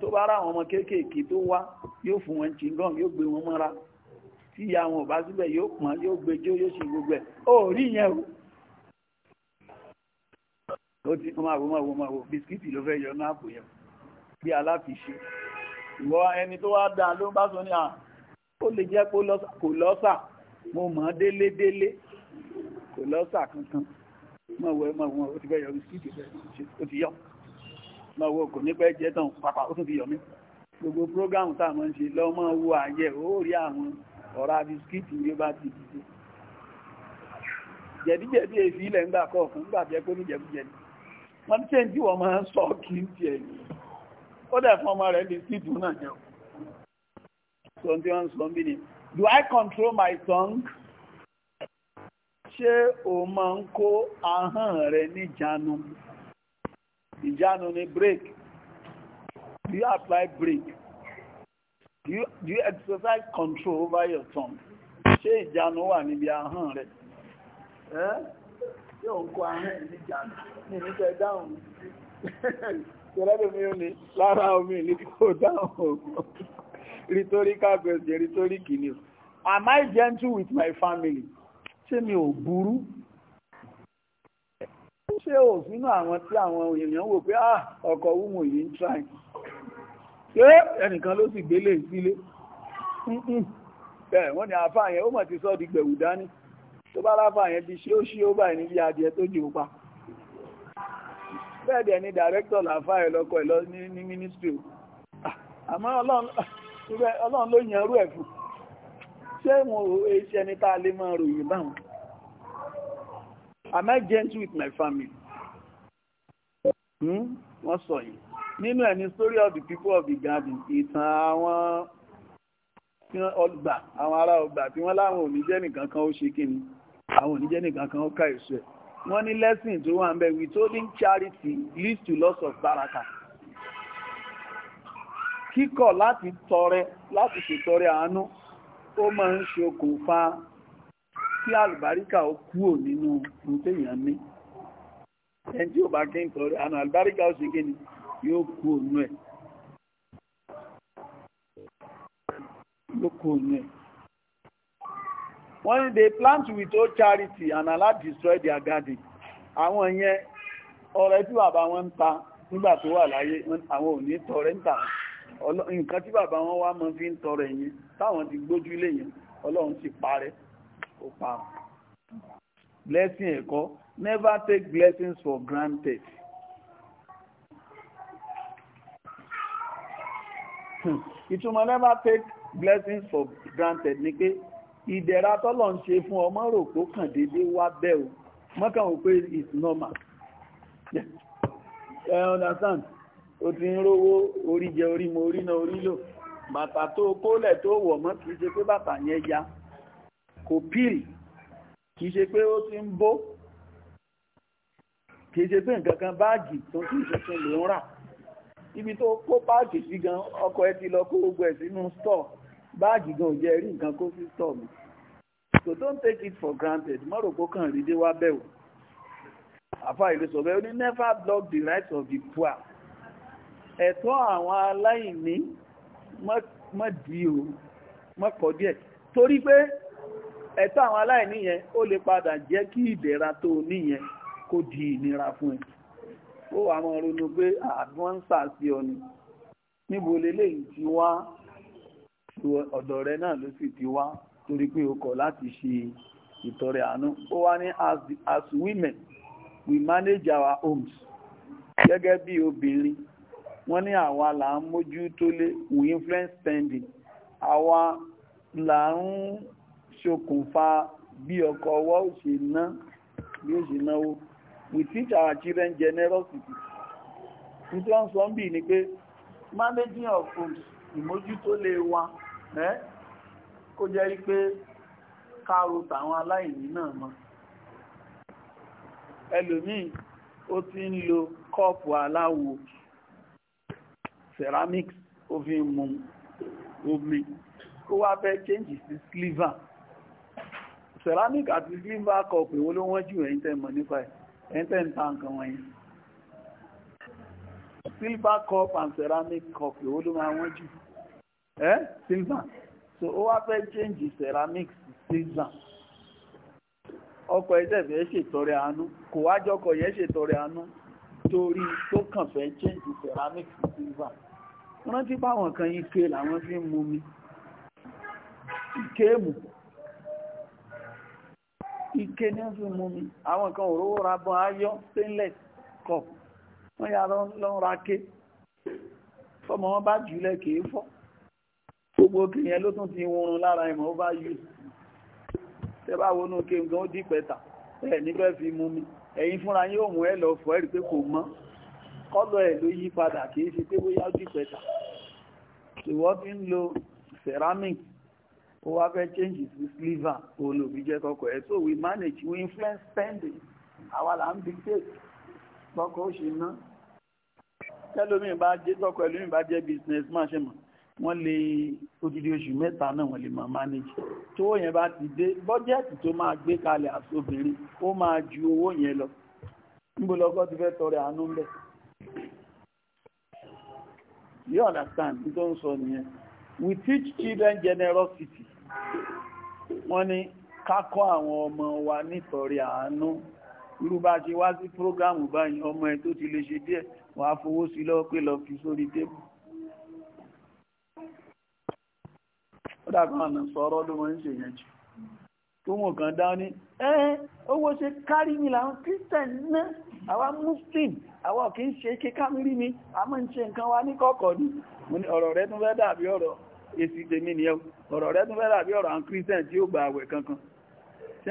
tó bá ráwọn ọmọ kéékèèké tó wá yóò fún wọn ṣingọ́ọ̀mù yóò gbé wọn mọ́ra tí àwọn ọba síbẹ̀ yóò pọ́n yóò gbẹjọ́ yóò ṣe gbogbo ẹ̀ ó rí yẹn o ó ti ọmọ àwọn ọmọ àwọn ọmọ bisikíìtì ló fẹ́ yọ ní àpò yẹn bí aláfiṣe ìwọ ẹni tó wá dáa ló bá sọ ní à ó lè jẹ́ kò lọ́sà mo mọ̀ ọ́ délé délé kò lọ́sà kankan mọ̀ wọ mọ̀ wọn ó ti fẹ́ yọ bisikíìtì ó ti yọ mọ̀ wọ kò ní pẹ́ jẹ́ tán pàpà ó tún ti yọ mí gbogbo prógámù tá ń ṣe lọ́mọ wo àyẹ̀ ó rí àwọn ọ̀rá bisikíìtì ní bá ti dìde jẹ̀díjẹ̀dí èfi ilẹ̀ ń gbà kọ̀ọ̀kan nígbà jẹ́ pé ní jẹ̀bújẹ̀dí wọ́n tí ń tí wọ́n máa ń sọ kí ń tiẹ̀ yìí ó dẹ̀ fún ọmọ rẹ̀ bisikíìtì náà jẹ́ sọ tí wọ́n ń sọ bí ni do I control my tongue ṣé o máa ń kó ahọ́n rẹ níjánu ìjánu ni break do you apply break do you, do you exercise control over your tongue ṣé ìjánu wà níbi ahọ́n rẹ̀ ẹ́ yóò ń kó ahọ́n ìjánu ní ìfẹ́ dáhùn ìrẹ́lùmí ò ní lára omi ní kò dáhùn rhetorical question rhetoric ni am I gentle with my family ṣé mi ò burú ṣé ò sínú àwọn tí àwọn èèyàn wò pé ah ọkọ̀ wúmù yìí ń try pé ẹnìkan ló sì gbélé sílé bẹ́ẹ̀ wọ́n ní àfà yẹn ó mọ̀ ti sọ́ di gbẹ̀wù dání tó bá láfà yẹn ti ṣe ó ṣe ó báyìí níbi adìẹ tó jù pa bẹ́ẹ̀ dẹ̀ ni dàrẹ́kítọ̀ làfà ẹ̀ lọ́kọ̀ ẹ̀ lọ ní mínísítírì ah, àmọ́ ọlọ́run ló yan rú ẹ̀ fún ṣé wọn ò ṣe ẹni tá a lè máa ròyìn báwọn am I gentle with my family hmm? wọ́n sọ yìí nínú ẹni story of the people of the garden ìtàn àwọn ọgbà àwọn ará ọgbà tí wọ́n láwọn oníjẹ́ nìkan kan ó ṣe kí ni àwọn oníjẹ́ nìkan kan ó ká èso ẹ̀ wọ́n ní lesson tó wà ń bẹ̀ withholding charity leads to loss of baraka kíkọ̀ láti tọrẹ láti ṣètọrẹ àánú ó máa ń ṣokùnfà kí àlùbáríkà ó kúrò nínú ohun téèyàn ní ẹni tí ò bá kí ń tọrẹ àánú àlùbáríkà ó ṣe kí yóò kú ònú ẹ̀ ló kú ònú ẹ̀ wọ́n ní they plant with without charity and Allah destroy their garden àwọn yẹn ọrẹ tí bàbá wọn ń ta nígbà tó wà láyé àwọn ò ní tọrẹ ń tà nǹkan tí bàbá wọn wá mọ́ fi ń tọrẹ yẹn táwọn ti gbójú lé yẹn ọlọ́run ti parẹ́ ó pa blessing ẹ̀kọ́ never take blessings for granted Hmm. ìtumọ̀ never take blessings for granted ni pé ìdẹ̀ra tọ́lọ̀ ń ṣe fún ọmọ rò kó kàn déédé wá bẹ́ẹ̀ o mọ́kàn wò pé it's normal ẹ understand o ti ń rówó orí jẹ orí mo orí náà orí lò bàtà tó kólẹ̀ tó wọ̀ mọ́ kìí ṣe pé bàtà yẹn ya kò píìlì kìí ṣe pé ó ti ń bó kìí ṣe pé nǹkan kan báàgì tó ti ṣe tó lè ń rà ibi tó kó páàkì sí gan ọkọ̀ ẹ ti lọ kó gbogbo ẹ̀ sínú store báàgì gan ò rí nǹkan kó sí store mi so don't take it for granted má rò pé kàn rí dé wá bẹ̀wò àfa ìlú sọ bẹ́ẹ̀ ó never block the rights of the poor ẹ̀tọ́ àwọn aláìní mọ́ di o mọ́ kọ́ díẹ̀ torí pé ẹ̀tọ́ àwọn aláìní yẹn ó lè padà jẹ́ kí ìdẹ̀ra tó níyẹn kó di ìnira fún ẹ ó wà mọ́ ronú pé àdúnsà sí ọ ni níbo leléyìí ti wá ọ̀dọ̀ rẹ náà ló sì ti wá torí pé o kọ̀ láti ṣe ìtọrẹ àánú ó wá ní as women we manage our homes gẹ́gẹ́ bí obìnrin wọ́n ní àwa là ń mójú tó lé we influence spending àwa là ń ṣokùnfà bí ọkọ ọwọ́ òṣèlú náà bí òṣèlú náà we teach our children generosity ní tí wọ́n sọ ń bì ní pé managing of foods ìmójútó lè wa kó jẹ́ rí pé káàrò tàwọn aláìní náà mọ́ ẹlòmíì ó ti ń lo kọ́ọ̀pù aláwo ceramics ó fi mu omi kó wá fẹ́ change sí sliver ceramic àti sliver kọ́ọ̀pù ìwọ́n ló wọ́n jù ẹ̀yin tẹ́ mọ̀ nípa ẹ̀ ẹ̀ntẹ́ ń ta nǹkan silver cup and ceramic cup èwo ló máa wọ́n jù ẹ́ silver so ó wá fẹ́ change ceramic silver ọkọ̀ ẹ̀dẹ̀fẹ̀ yẹn ṣètọrẹ àánú kò wájọ́ ọkọ̀ yẹn ṣètọrẹ àánú torí tó kàn fẹ́ change ceramic silver rántí báwọn kan ike làwọn fi ń mumi ike mú ike ní fi mú mi àwọn nǹkan òróró ra bọ́ ayọ́ stainless cup wọ́n yà lọ́n ra ké fọ́mọ wọn bá jùlẹ̀ kìí fọ́ gbogbo kìyẹn ló tún ti wọrun lára ìmọ̀ ó bá yù tẹ́ bá wọnú ké nǹkan ó dì pẹ́ta ẹ̀ níbẹ̀ fi mú mi ẹ̀yin fúnra yín ò mú ẹ lọ fọ́ ẹ̀rí pé kò mọ́ kọ́lọ̀ ẹ̀ ló yí padà kìí ṣe pé bóyá ó dì pẹ́ta ìwọ́ fi ń lo ceramic ó wá fẹ́ change sí sliver òun ló fi jẹ́ kọ́kọ́ ẹ̀ so we manage we influence spending àwa là ń dictate tọkọ ó ṣe ná tẹlómi bá jẹ tọkọ ẹlómi bá jẹ business máa ṣe mọ wọ́n lè odidi oṣù mẹ́ta náà wọ́n lè máa manage tó owó yẹn bá ti dé bọ́jẹ́ẹ̀tì tó máa gbé kalẹ̀ àsobìnrin ó máa ju owó yẹn lọ níbo lọkọ ti fẹ́ tọrẹ àánú ń you understand n tó ń sọ nìyẹn we teach children generosity wọ́n ní kákọ́ àwọn ọmọ wa nítorí àánú irú bá ṣe wá sí prógrámù báyìí ọmọ ẹ tó ti lè ṣe díẹ̀ wàá fowó sí lọ́wọ́ pé lọ fi sórí tébù ó dàgbà ọ̀nà sọ̀rọ̀ ló wọ́n ń ṣe yẹn jù tó mọ̀ kan dá ní ẹ́ owó ṣe kárí mi làwọn christian náà àwa muslim àwa kì í ṣe kíkámírí mi a máa ń ṣe nǹkan wa ní kọ̀ọ̀kọ̀ ni ọ̀rọ̀ rẹ tún fẹ́ dàbí ọ̀rọ̀ èsì tèmi nìyẹn ọ̀rọ̀ rẹ tún fẹ́ ọ̀rọ̀ àwọn christian tí ó gba àwẹ̀ kankan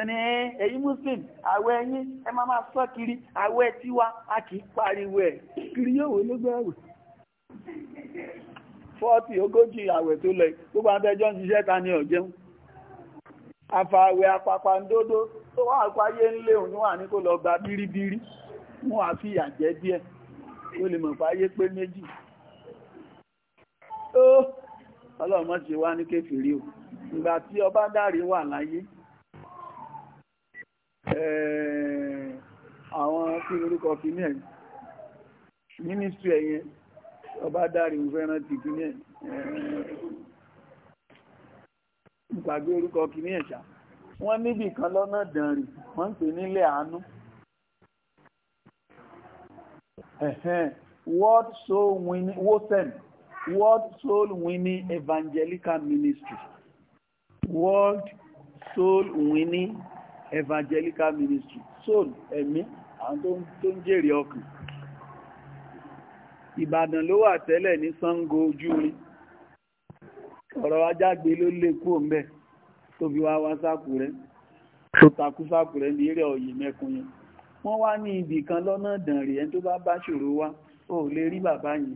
ni ẹ̀yin muslim àwẹ̀ ẹ̀yin ẹ máa máa sọ kiri àwẹ̀ tiwa a kì pariwo kiri yóò wò ló àwẹ̀ fọ́ọ̀tì ogójì àwẹ̀ tó lẹ̀ ń ṣiṣẹ́ ta ni àfàwẹ̀ àpapàǹdodo tó wà wà lọ gba bíríbírí wọn á fi díẹ̀ ọlọ́run mọ́ ṣe wá ní kéfìrí o ìgbà tí ọba dárí wà láyé àwọn kí orúkọ kìíní ẹ̀ mínísítì ẹ̀yẹn ọba dárí ń fẹ́ràn ti kìíní ẹ̀ ìgbàgbé orúkọ kìíní ẹ̀ ṣá wọ́n níbì kan lọ́nà dànrì wọ́n ń pè nílé àánú ẹ̀hẹ́n wọ́n so wọ́n sẹ́ni World Soul Winning Evangelical Ministry. World Soul Winning Evangelical Ministry. Soul ẹ̀mí àwọn tó ń jèrè ọkàn. Ìbàdàn ló wà tẹ́lẹ̀ ní Sango Ojúrin. Ọ̀rọ̀ ajágbe ló lè kú ọ̀mẹ́ tó fi wá wá sákùrẹ́. Tó takú sákùrẹ́ ní eré ọ̀yẹ̀ mẹ́kun yẹn. Wọ́n wá ní ibì kan lọ́nà dànrè ẹni tó bá bá ṣòro wá. O lè rí bàbá yẹn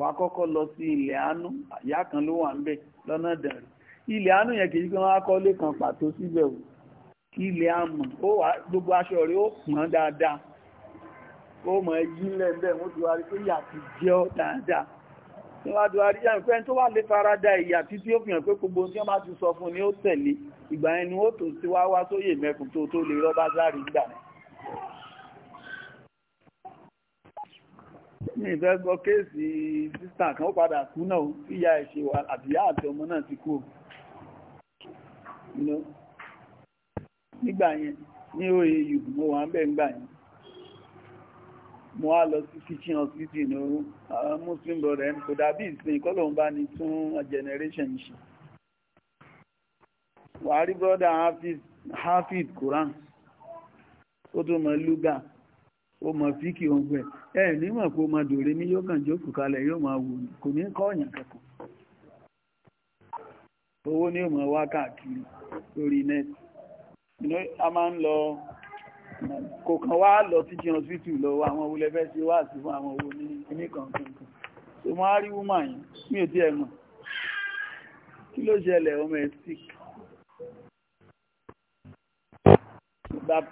wàá kọ́kọ́ lọ sí ilẹ̀ àánú ìyá kan ló wà ń bẹ̀ lọ́nà dẹ̀rìn ilẹ̀ àánú yẹn kì í pé wọ́n á kan pàtó síbẹ̀ o ilẹ̀ àmọ̀ ó wà gbogbo aṣọ rẹ̀ ó pọ̀n dáadáa ó mọ̀ ẹyí lẹ́ẹ̀bẹ̀ wọ́n ti wá rí pé ìyà ti jẹ́ ọ́ dáadáa tí wọ́n ti wá rí yàrá pẹ́ẹ́n tó wà lè fara da ìyà títí ó fi hàn pé gbogbo tí wọ́n bá ti sọ fún ni ó tẹ̀lé ìgbà yẹn ni ó tó ti wá wá sóyè mẹ́kùn tó tó lè rọ́ sáré gbà náà ní ìfẹ́ gbọ́ kéèsì sísà kan ó padà kú náà ìyá ẹ̀ṣẹ̀ àtìyá àti ọmọ náà ti kú nígbà yẹn ní OAU mo wà ń bẹ̀ ń gbà yẹn mo wá lọ sí kitchen hospital ní àwọn muslim brother ẹni kò dàbí ìsìn kọ́lọ̀n bá ní tún generation ṣe wàá rí brother hafiz hafiz Quran ó tún mọ lúgà ó mọ fíkì ohun gbẹ ẹ nímọ̀ pé ó mọ dòrè mí yóò kàn jókòó kalẹ̀ yóò máa wò ní kò ní kọ́ ọ̀yàn kẹ́kọ̀ọ́ owó ní ó mọ wá káàkiri lórí nẹ́ẹ̀tì a máa ń lọ kò kàn wá lọ sí jẹun hospital lọ àwọn owó lẹfẹ sí wá sí fún àwọn owó ní kíní kankan kan tó máa rí woman yìí mi ò tiẹ̀ mọ̀ kí ló ṣẹlẹ̀ ọmọ ẹ̀ sick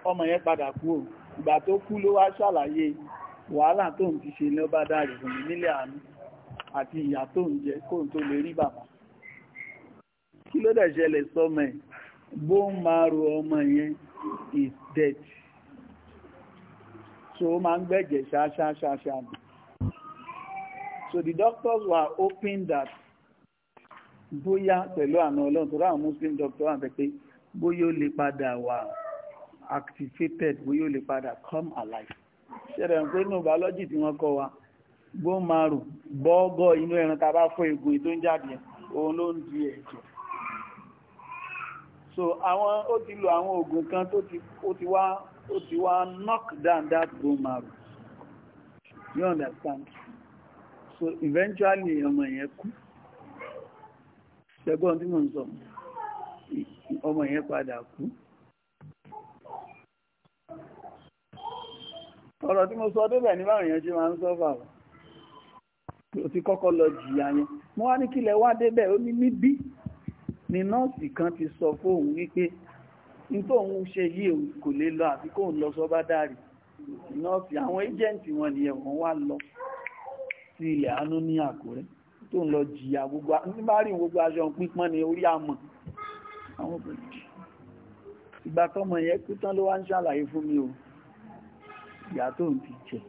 ọmọ yẹn padà kú o ìgbà tó kú ló wá ṣàlàyé wàhálà tó ń ti ṣe ní dáre fún mi àánú àti ìyà tó ń jẹ kó tó lè rí bàbá kí ló dẹ̀ ṣẹlẹ̀ sọmọ ẹ̀ bó ń máa ro ọmọ yẹn is dead so ó máa ń gbẹ̀jẹ̀ ṣáṣáṣáṣá so the doctors were hoping that bóyá pẹ̀lú àna ọlọ́run tó ráhùn muslim doctor àbẹ̀ pé bóyá ó lè padà wà activated bóyá ó lè padà come alive ṣẹlẹ̀ pé inú biology tí wọ́n kọ́ wa bone marrow bọ́ọ̀gọ́ inú ẹran tá a egun tó ń jáde òun ló ń di ẹ̀jẹ̀ so àwọn ó ti lo àwọn oògùn kan tó ti wá ó ti wá knock down that bone marrow you understand so eventually ọmọ yẹn kú ṣẹgbọ́n tí mo ń sọ ọmọ yẹn padà kú ọ̀rọ̀ tí mo sọ débẹ̀ ní báwọn èèyàn ṣe máa ń sọ fàwà ó ti kọ́kọ́ lọ jìyà yẹn mo wá ní kílẹ̀ wá débẹ̀ ó ní níbí ni nọ́ọ̀sì kan ti sọ fóun wípé ní tóun ṣe yìí òun kò lè lọ àfi kóun lọ sọ bá dárì nọ́ọ̀sì àwọn éjẹ́ǹtì wọn nìyẹn wọ́n wá lọ sí ilẹ̀ àánú ní àkúrẹ́ tó ń lọ jìyà gbogbo nígbàrí gbogbo aṣọ pípọ́n ní orí àmọ́ ìgbà tọ́mọ yẹn kú tán ló wá ń ṣàlàyé fún mi o ìyá tó ń ti jẹ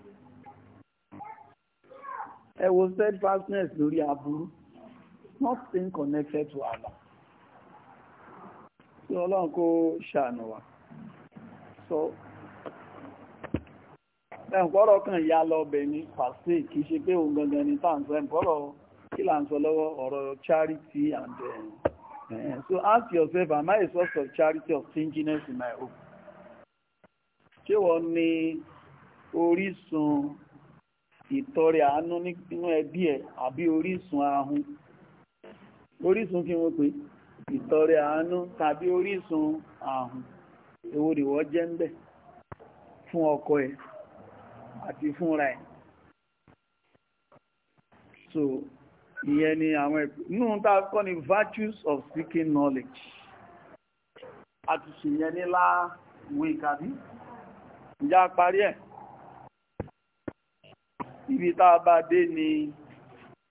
ẹ steadfastness lórí aburú not being connected to Allah tí ọlọ́run kó ṣàánú wa so ẹ̀ǹkọ́rọ̀ kan ya lọ bẹ̀ ní pàṣẹ kìí ṣe pé òun gangan ní tàǹsọ ẹ̀ǹkọ́rọ̀ kí là ń sọ lọ́wọ́ ọ̀rọ̀ charity and eh, eh, so ask yourself am I a source of charity or stinginess in my home ṣé wọ́n ní orísun ìtọrẹ àánú nínú ẹbí ẹ àbí orísun ahun orísun kí wọ́n pè ìtọrẹ àánú tàbí orísun ahun èwo ni wọ́n ń bẹ̀ fún ọkọ ẹ̀ àti fúnra ẹ̀ so ìyẹn ni àwọn ẹ̀bí nínú tá a kọ́ ni virtues of seeking knowledge a ti ṣèyẹn ní láàwé kàbí ìjà parí ẹ̀ ibi tá a bá dé ni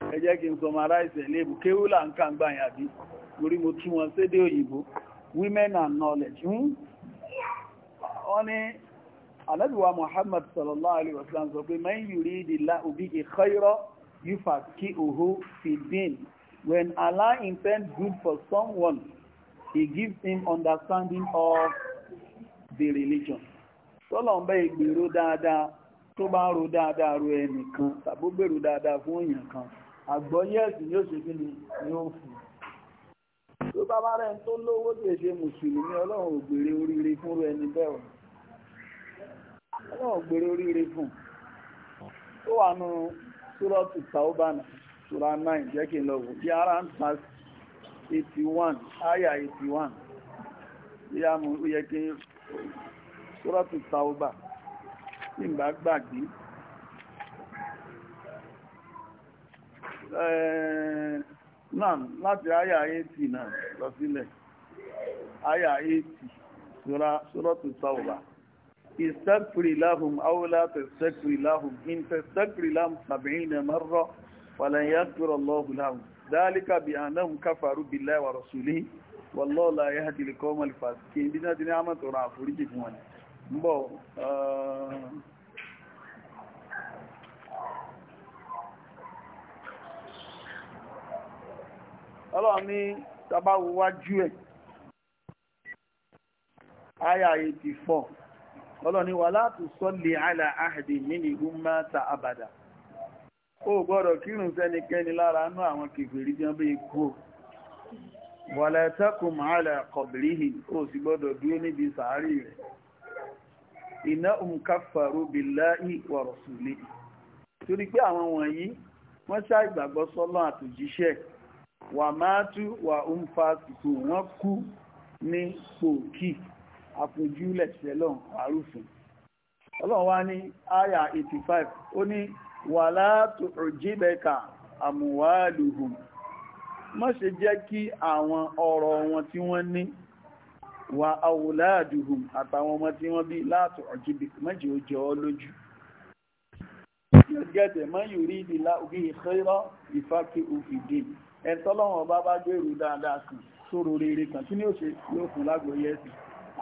ẹ kí n summarize lébù kéwú là ń kàn gbà yàbí lórí mo tún wọn sédé òyìnbó women and knowledge hmm? wọ́n ní anábìwá Muhammad sallallahu alaihi wasallam sọ pé man yuridillahu bihi khayran yufaqihuhu fid din when Allah intends good for someone he gives him understanding of the religion tọ́lọ̀ ń bẹ́ ìgbèrò dáadáa tó bá ń ro dáadáa ro ẹnìkan tàbó gbèrò dáadáa fún èèyàn kan àgbọ́yé ẹ̀sìn yóò ṣe kí ni yóò fún tó bá bá rẹ̀ tó lówó tè ṣe mùsùlùmí ọlọ́run ò gbèrè oríire fún ẹni bẹ́ẹ̀ o ọlọ́run gbèrè oríire fún tó wà nù súrọ́tù taubana súra 9 jẹ́ kí n lọ bí ara ń ta 81 àyà 81 bí a mú yẹ kí súrọ́tù taubana tí ń bá gbàgbé náà láti àyà 80 náà lọ sílẹ̀ àyà 80 sọ́rọ̀tù sáwọ̀bá ìsẹ́kìrì láhùn áwọ́lá tẹ̀sẹ́kìrì láhùn in tẹ̀sẹ́kìrì láhùn sàbìnrin mẹ́rọ fàlẹ̀yàkìrọ̀ lọ́hùn láhùn dáálíkà bí ànáhùn káfàrú bí láìwà rọ̀sùlé wọ́lọ́ọ̀lá yáhàtìlẹ̀kọ́ mọ́lìfà kí ibi náà ti Bom, uh... ọlọ́run ní wájú ẹ̀ wà láti àlà nínú mẹ́ta àbàdà gbọ́dọ̀ kírùn sẹ́nikẹ́ni lára àwọn kèfèrí jẹ́ bí ikú wà kọ̀bìrìhì ó sì gbọ́dọ̀ dúró níbi sàárì innahum kaffaru billahi wa rasulihi torí pé àwọn wọ̀nyí wọ́n ṣá ìgbàgbọ́ sọ́lọ́ àtòjíṣẹ́ wà mátú wà ń fa tìkò wọ́n kú ní pòkì àpòjúlẹ̀ sẹ́lọ̀ àrùfin ọlọ́run ní àyà 85 ó ní wala tu'jibaka àmúwàlùhùn má ṣe jẹ́ kí àwọn ọ̀rọ̀ wọn tí wọ́n ní wa awladuhum àtàwọn ọmọ tí wọ́n bí láàtọ̀ ọ̀jìbì mẹ́jì ó jọ ọ́ lójú gẹ́gẹ́ mọ́ yìí rí ìdílá òbí ìṣẹ́rọ́ ìfákí òfìdí ẹ̀tọ́lọ́wọ̀n bá bá gbèrú dáadáa sí sóró rere kan tí ní ó ṣe yóò fún lágbóyé ẹ̀sìn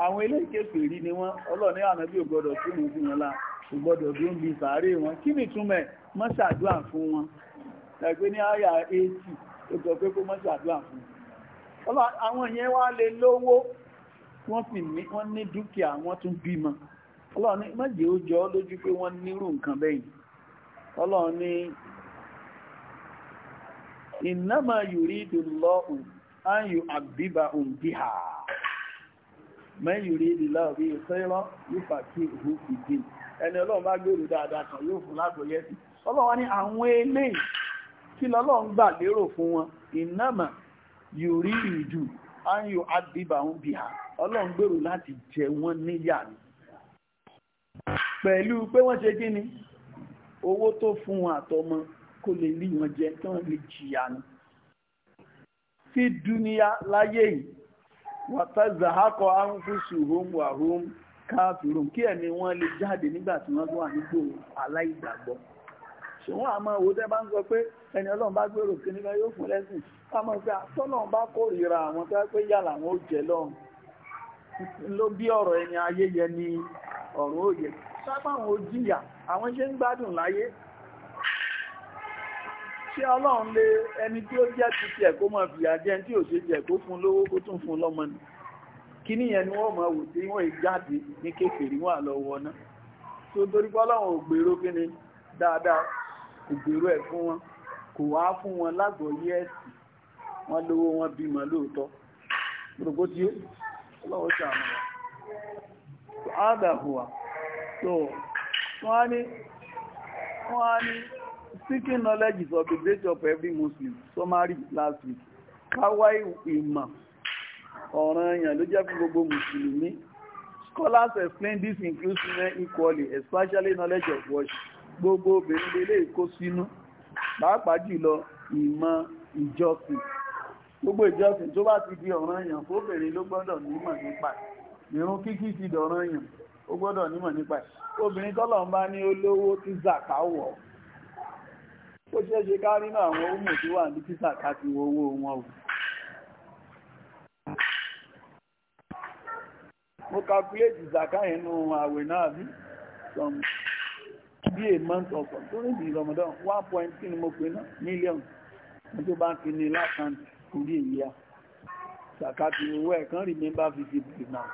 àwọn ilé ìkéfè ni wọ́n ọlọ́ni àná bí ògbọ́dọ̀ tí mo fi wọn la ògbọ́dọ̀ bí ń bi sàárè wọn kí ni túmẹ̀ mọ́ ṣàdúrà fún wọn ẹgbẹ́ ní àyà 80 ó sọ pé kó mọ́ wọ́n fi ní wọ́n ní dúkìá wọ́n tún bímọ ọlọ́run ní ó jọ lójú pé wọ́n nírú nǹkan bẹ́yìn ọlọ́run ní ìnáma yùrídù lọ́hùn áyù àbíbà òǹdíhà mẹ́yùrí ìlàrí ìṣẹ́rọ́ yípa kí ìhú ìdí ẹni ọlọ́run bá gbèrú dáadáa kan yóò fún sí àwọn eléyìí kí lọ́lọ́run gbà lérò fún wọn ìnáma And you áyù àdìbà ń bì á ọlọ́run gbèrò láti jẹ wọ́n níyà ni pẹ̀lú pé wọ́n ṣe kí ni owó tó fún wọn àtọmọ kó lè rí wọn jẹ kí wọ́n lè jìyà ni fi dúníyà láyé yìí wàtàzà akọ arúnfúsù hóhùn àhóhùn káàfìrún kí ẹ̀mí wọn lè jáde nígbà tí wọ́n wà nígbò aláìgbàgbọ́ ṣùgbọ́n àmọ́ òwò tẹ́ bá ń sọ pé ẹni ọlọ́run bá gbèrò kí nígbà yóò fún lẹ́sìn àmọ́ pé àtọ́lọ́run ah, bá kórìíra àwọn tó pé yà làwọn ó jẹ lọ́run ló bí ọ̀rọ̀ ẹni ayẹyẹ ni ọ̀rọ̀ òye sábàwọn ó jìyà àwọn ṣe ń gbádùn láyé ṣé ọlọ́run lé ẹni tí ó jẹ́ ti tiẹ̀ kó máa fìyà jẹ tí ò ṣe jẹ kó fún lówó kó tún fún lọ́mọ ni kí níyẹn ni wọ́n máa wò tí wọ́n jáde ní kékeré wọn àlọ́wọ́ náà tó torí pé ò gbèrò kí ni dáadáa kò gbèrò fún wọn kò wá fún wọn lágbọ̀ọ́yé ẹ̀sìn wọn lówó wọn bímọ lóòótọ́ gbogbo tí ó lọ́wọ́ sàmù tó wọ́n á ní wọ́n seeking knowledge is obligation of every Muslim summary last week káwá ìmọ̀ ọ̀ràn èèyàn ló jẹ́ fún gbogbo Mùsùlùmí scholars explain this inclusiveness equally especially knowledge of worship gbogbo obìnrin lè kó sínú pàápàá jùlọ ìmọ̀ ìjọsìn gbogbo ìjọsìn tó bá ti di ọ̀ràn èèyàn fóbìnrin ló gbọ́dọ̀ nímọ̀ nípa kíkí ti dọ̀ràn èèyàn ó gbọ́dọ̀ nímọ̀ nípa obìnrin tọ́lọ̀ ń bá ní olówó tí zàkà wọ̀ ó ṣeé ṣe ká ti wọ owó wọn o mo calculate zàkà yẹn nù àwẹ̀ náà bí a month of during the Ramadan one point kí ni mo pè náà million tó bá ti ní lákàntì ìdí ìyá zakati owó ẹ̀ kan remember visibility now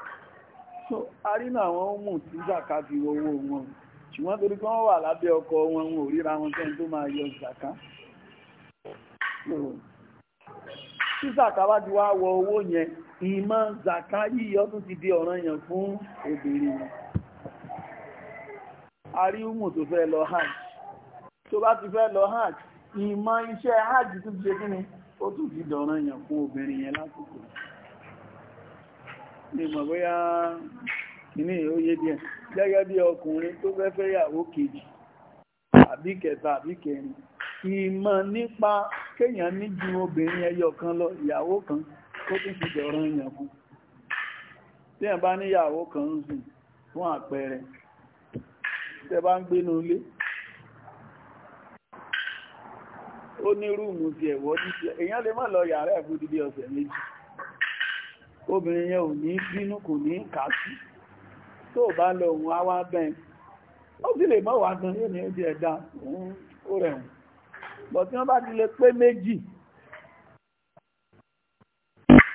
so a rí náà àwọn ohun tí zakati owó wọn ṣùgbọ́n torí kán wà lábẹ́ ọkọ̀ wọn wọn ò ríra wọn tẹ́ tó máa yọ zaka tí zaka bá ti wá wọ owó yẹn ìmọ̀ zaka yíyọ tún ti di ọ̀ranyàn fún obìnrin yẹn aríhùmù tó fẹ́ lọ hajj tó bá ti fẹ́ lọ hajj ìmọ̀ iṣẹ́ hajj tó ti ṣe kí ni ó tún ti dọ̀rọ̀ èèyàn fún obìnrin yẹn lásìkò ní mọ̀ bóyá kìíní ó yé díẹ̀ gẹ́gẹ́ bí ọkùnrin tó fẹ́ fẹ́ yàwó kejì àbí kẹta àbí kẹrin ìmọ̀ nípa kéèyàn ní ju obìnrin ẹyọ kan lọ ìyàwó kan ó tún ti dọ̀rọ̀ fún tí bá níyàwó kan ń fún tẹ́ bá ń gbénú ilé ó ní rúùmù ti ẹ̀wọ́ títí èyàn lè má lọ yàrá ẹ̀kú dídí ọ̀sẹ̀ méjì obìnrin yẹn ò ní bínú kò ní kàásí tó bá lọ òun á wá bẹ́ẹ̀ ó sì lè mọ́ wà gan yóò ní oúnjẹ ẹ̀dá ó rẹ̀wọ̀n bọ̀ tí wọ́n bá ti lè pé méjì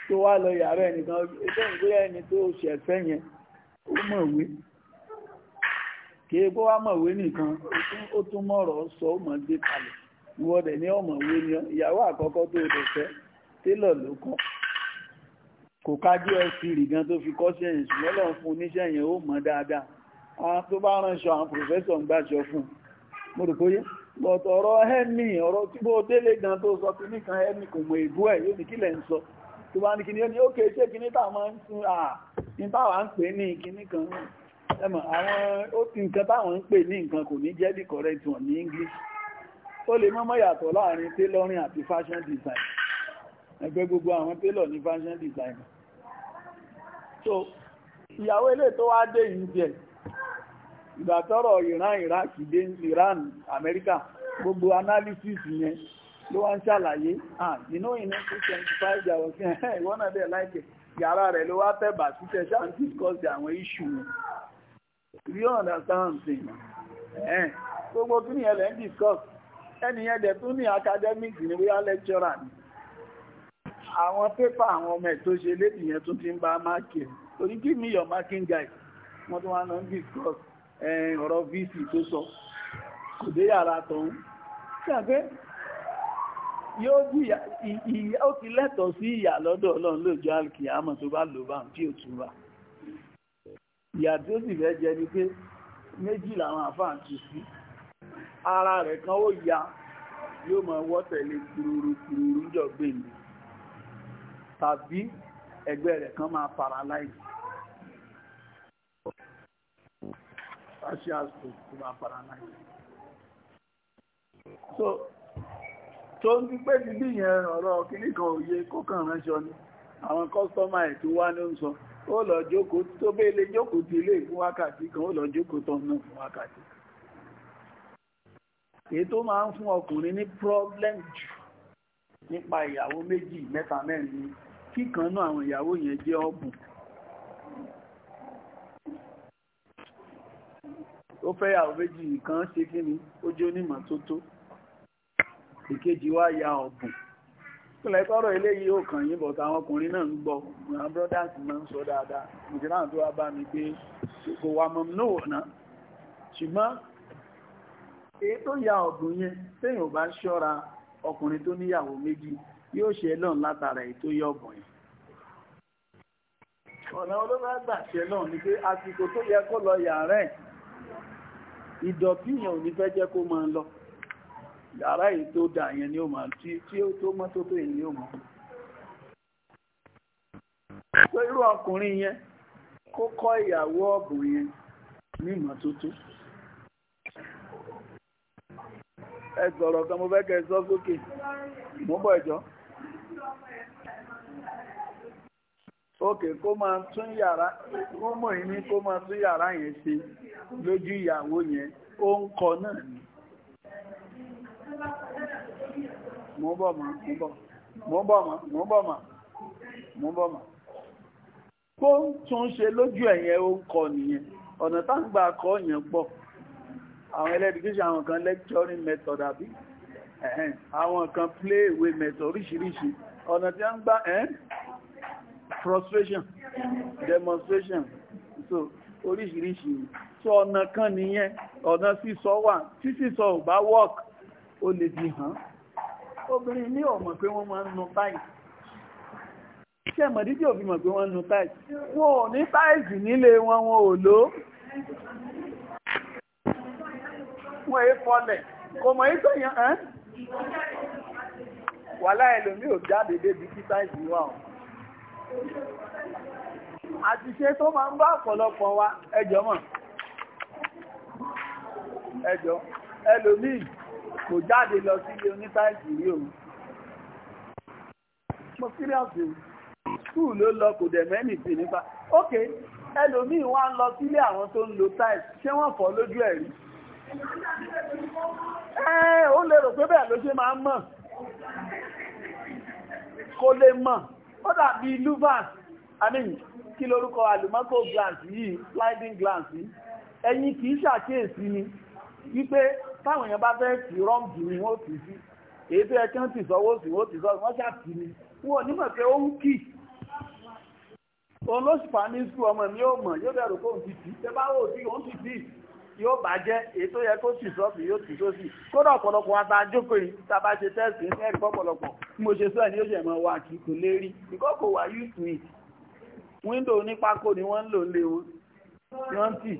tó wá lọ yàrá ẹnìkan ẹgbẹ́ ìgbéyà ẹni tó ṣẹ̀fẹ́ yẹn ó mọ̀wé kìí kó wá mọ̀wé nìkan ó tún mọ̀rọ̀ sọ ó mọ̀ gbé kalẹ̀ ìwọ́dẹ̀ ní ọ̀mọ̀wé ni ìyàwó àkọ́kọ́ tó o tẹ̀sẹ̀ télọ̀ ló kọ́ kò ká dsc rì gan tó fi kọ́ sẹ́yìn ṣùgbọ́n lọ́n fún oníṣẹ́ yẹn ó mọ̀ dáadáa àwọn tó bá ránṣọ àwọn pòfẹ́sọ̀ ń gbàṣọ fún un mo rò pé bọ̀tọ̀ ọ̀rọ̀ hẹ́mì ọ̀rọ̀ tí bó délé gan tó sọ kí nìkan hẹ́mì kò mọ̀ èbú ẹ̀ yóò ní kílẹ̀ ń sọ tó bá ní kíní ó ní ó kéé ṣé kíní táwọn ń tún à ní táwọn ń pè ní kíní kan náà ẹmọ̀ àwọn nǹkan táwọn ń pè ní nǹkan kò ní jẹ́ bí correct one ní English ó lè mọ́mọ́ yàtọ̀ láàrin tailoring àti fashion design ẹgbẹ́ gbogbo àwọn tailor ní fashion design so ìyàwó ilé tó wá dé India ìgbà tọ́rọ̀ Iran Iraq dé Iran America gbogbo analysis yẹn ló wá ń ṣàlàyé ah you know in 1975 there was ìwọ́n náà dẹ̀ láìpẹ́ yàrá rẹ̀ ló wá tẹ̀bà sí tẹ̀sán discuss àwọn issue you understand thing eh. gbogbo kí ni ẹlẹ́ ń discuss ẹnìyẹn dẹ̀ tún ní academics ní wíyá lecturer ni àwọn pépà àwọn ọmọ ẹ̀ tó ṣe lébi yẹn tún ti ń bá So you give me your marking guide wọ́n tún wá lọ ń Eh, ọ̀rọ̀ vc tó sọ kò dé yàrá tọ̀hún ṣàgbé yóò jìyà ó ti lẹ́tọ̀ọ́ sí ìyà lọ́dọ̀ ọlọ́run lóòjọ́ alkiyama tó bá lò bá ń tí ò túnra ìyà tí ó sì fẹ́ jẹ ni pé méjì làwọn àfáà tù sí ara rẹ̀ kan ó ya yóò máa wọ́ tẹ̀lé kúrúurú kúrúurú jọ̀gbé mi tàbí ẹgbẹ́ rẹ̀ kan máa paralyze partial stroke tó máa paralyze so tó ń bí pé bíbí yẹn ọ̀rọ̀ kìnnìkan òye kó kàn ránṣọ ni àwọn kọ́sítọ́mà ẹ̀ tó wá ní ó ń sọ ó lọ jókòó tó bẹ́ẹ̀ lè jókòó ti ilé fún wákàtí kan ó lọ jókòó tán náà fún wákàtí. èyí tó máa ń fún ọkùnrin ní problem jù nípa ìyàwó méjì mẹ́ta mẹ́rin ni kíkan náà àwọn ìyàwó yẹn jẹ́ ọ̀bùn. ó fẹ́ ìyàwó méjì kan ṣe kí ni ó jó onímọ̀ tó tó wá ya ọ̀bùn. pínlẹ̀ kọ́rọ̀ eléyìí ò kàn yín bọ̀tà àwọn ọkùnrin náà ń gbọ́ àwọn brothers náà ń sọ dáadáa nìjìláà tó wá bá mi pé kò wà mọ̀ náà náà ṣùgbọ́n èyí ya yẹn bá ṣọ́ra ọkùnrin tó níyàwó méjì yóò ṣe lọ́n látara èyí tó yọ ọ̀gùn yẹn ọ̀nà olóbàgbà náà ni pé àsìkò tó yẹ kó lọ yàrá ẹ̀ ìdọ̀tí yẹn ò ní fẹ́ yàrá yìí tó dà yẹn ni ó máa tí tí ó tó mọ́ tó tó yẹn ni ó Sọ irú ọkùnrin yẹn kó kọ́ ìyàwó ọ̀bùn yẹn ní ìmọ́tótó. ẹ sọ̀rọ̀ kan mo fẹ́ kẹ́ ẹ sọ sókè mo bọ̀ ẹ̀jọ́. òkè kó máa tún yàrá mọ̀ ní kó máa tún yàrá yẹn ìyàwó mò ń bọ̀ mọ́ mò ń bọ̀ mọ́ mò ń bọ̀ mọ́ mò ń bọ̀ mọ́ kó tún ṣe lójú ẹ̀yẹn ó ń kọ nìyẹn ọ̀nà táǹgbà kọ́ yẹn pọ̀ àwọn ẹlẹ́dìkíṣẹ́ àwọn kan lecturing method àbí àwọn kan play away method oríṣiríṣi ọ̀nà tí a ń gbá ẹ́ frustration demonstration so oríṣiríṣi so ọ̀nà kan nìyẹn ọ̀nà sísọ wà tí sísọ ò bá work ó lè fi hàn obìnrin ní ọmọ pé wọ́n máa ń nu táì ṣe mọ̀dí tí òfin mọ̀ pé wọ́n ń nu táì wọn ò ní táìsì nílé wọn wọn ò lò wọ́n èé fọlẹ̀ kò mọ̀ èé tó yàn án wà láìlòmí ò jáde débi tí táìsì wà ọ̀ àtiṣe tó máa ń bá ọ̀pọ̀lọpọ̀ wa ẹjọ́ mọ̀ ẹjọ́ ẹlòmíì kò jáde lọ sí ilé onítáìsì rí òun mo síríọ̀sì skúù ló lọ kò dẹ̀ mẹ́rin sí nípa ok ẹlòmíì wá ń lọ sílé àwọn tó ń lo táìsì ṣé wọ́n fọ́ lójú ẹ̀ rí ẹ́ ó lérò pé bẹ́ẹ̀ ló ṣe máa ń mọ̀ kó lè mọ̀ ó dàbí luvas àmín kí lórúkọ àlùmọ́kò glass yìí sliding glass yìí ẹ̀yin kì í ṣàkíyèsí ni wípé táwọn èèyàn bá fẹ́ tì rọ́ǹdù ni wọ́n tì sí èyí tó yẹ kí wọ́n tì sọ́wọ́ sí wọ́n tì sọ́wọ́ wọ́n ṣàtì ni wọ́n nímọ̀ pé ó ń kì òun ló sì fà ní sùn ọmọ mi yóò mọ̀ yóò bẹ̀rù kó ń ti tì tẹ́ bá wò sí òun ti tì yóò bàjẹ́ èyí tó yẹ kó tì sọ́ọ̀bù yóò tì sósì kódà ọ̀pọ̀lọpọ̀ àtàjókòó yìí tàbá ṣe tẹ́sì ní ẹ̀rí pọ̀pọ̀lọpọ̀ bí mo ṣe sọ ẹ̀ ní oṣù ẹ̀mọ́ wa kì í kò lè rí ìkọ́kọ̀ wà yìí sùn yìí wíńdò onípákó ni wọ́n ń lò lé wọn tí wọ́n ń tì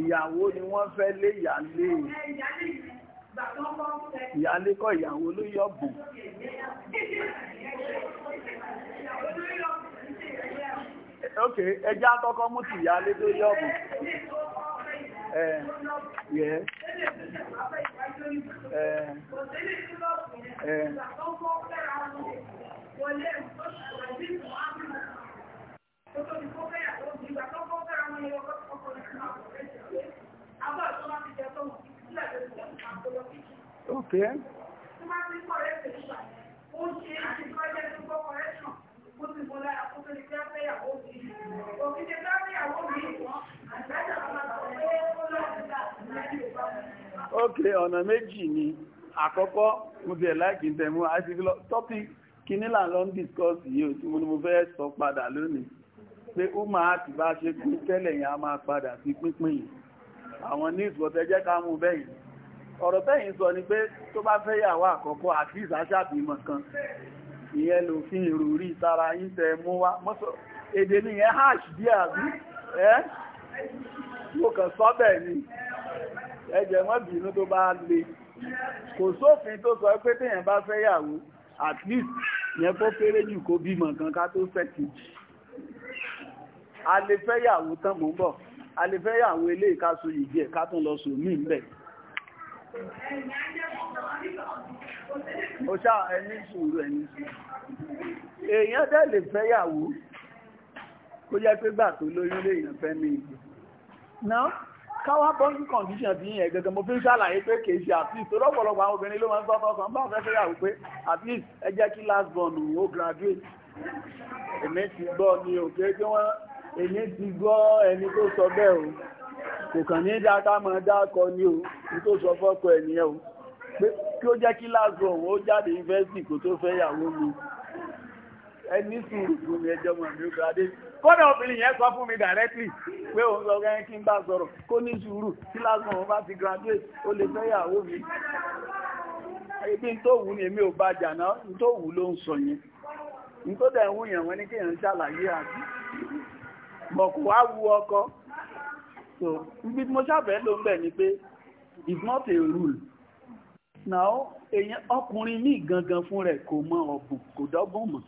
ìyàwó ni wọ́n fẹ́ lé ìyálé ìyálé kọ́ ìyàwó ló yọ̀bùn ok ẹjá kọ́kọ́ mú ti ìyálé tó yọ̀bùn ẹ̀ yẹ́ clear? ok ọ̀nà méjì ni àkọ́kọ́ mo ti ẹ̀ láìkí tẹ̀mú àti topic kíní là ń lọ ń discuss yìí ò tí mo ní mo fẹ́ sọ padà lónìí pé ó máa ti bá ṣe pín tẹ́lẹ̀ yẹn a máa padà sí pínpín yìí àwọn ní ìsùwọ̀tẹ́jẹ́ ká mú bẹ́yìí ọ̀rọ̀ tẹ́yìn sọ ni pé tó bá fẹ́ yàwó àkọ́kọ́ àti ìsáṣàbímọ kan ìyẹn ló fi ìròrí tara yín tẹ mú wá mọ́sọ̀ èdè ní ìyẹn hash bí àbí ẹ́ mo kàn sọ bẹ́ẹ̀ ni ẹjẹ̀ mọ́ bínú tó bá le kò sófin tó sọ pé téèyàn bá fẹ́ yàwó at least yẹn kó kéré jù kó bímọ kan ká tó sẹ́kì a lè fẹ́ yàwó tán mò ń bọ̀ a lè fẹ́ yàwó eléyìí ká so ká tún lọ sùn mí ń ó ṣá ẹni sùúrù ẹni sùúrù èèyàn dẹ̀ lè fẹ́yàwó kó jẹ́ pé gbà tó lóyún lè èèyàn fẹ́ ní ìgbò náà káwá bọ́ǹkì condition bí yẹn gẹ́gẹ́ mo fi ń ṣàlàyé pé kìí ṣe àti ìtòrọ́pọ̀lọpọ̀ àwọn obìnrin ló máa ń sọ kò kàn ní dáadáa mọ̀ dákọ ní o tó sọ fọ́kọ ẹ̀nìyàn o kí ó jẹ́ kí láàzọ̀ òun ó jáde yunifásitì kò tó fẹ́ yàwó mi ẹni sùúrù fún mi ẹjọ́ mọ̀ mi yẹn sọ fún mi directly pé òun sọ kí n bá sọ̀rọ̀ kó ní sùúrù kí láàzọ̀ bá ti graduate ó lè fẹ́ yàwó mi ebi tó wù ní èmi ò bá sọ ọkọ so ibi tí mo ṣàfẹ́ ló ń bẹ̀ ni pé it's not a rule now èèyàn ọkùnrin ní gangan fún rẹ̀ kò mọ ọ̀bùn kò dọ́gbọ́n mọ̀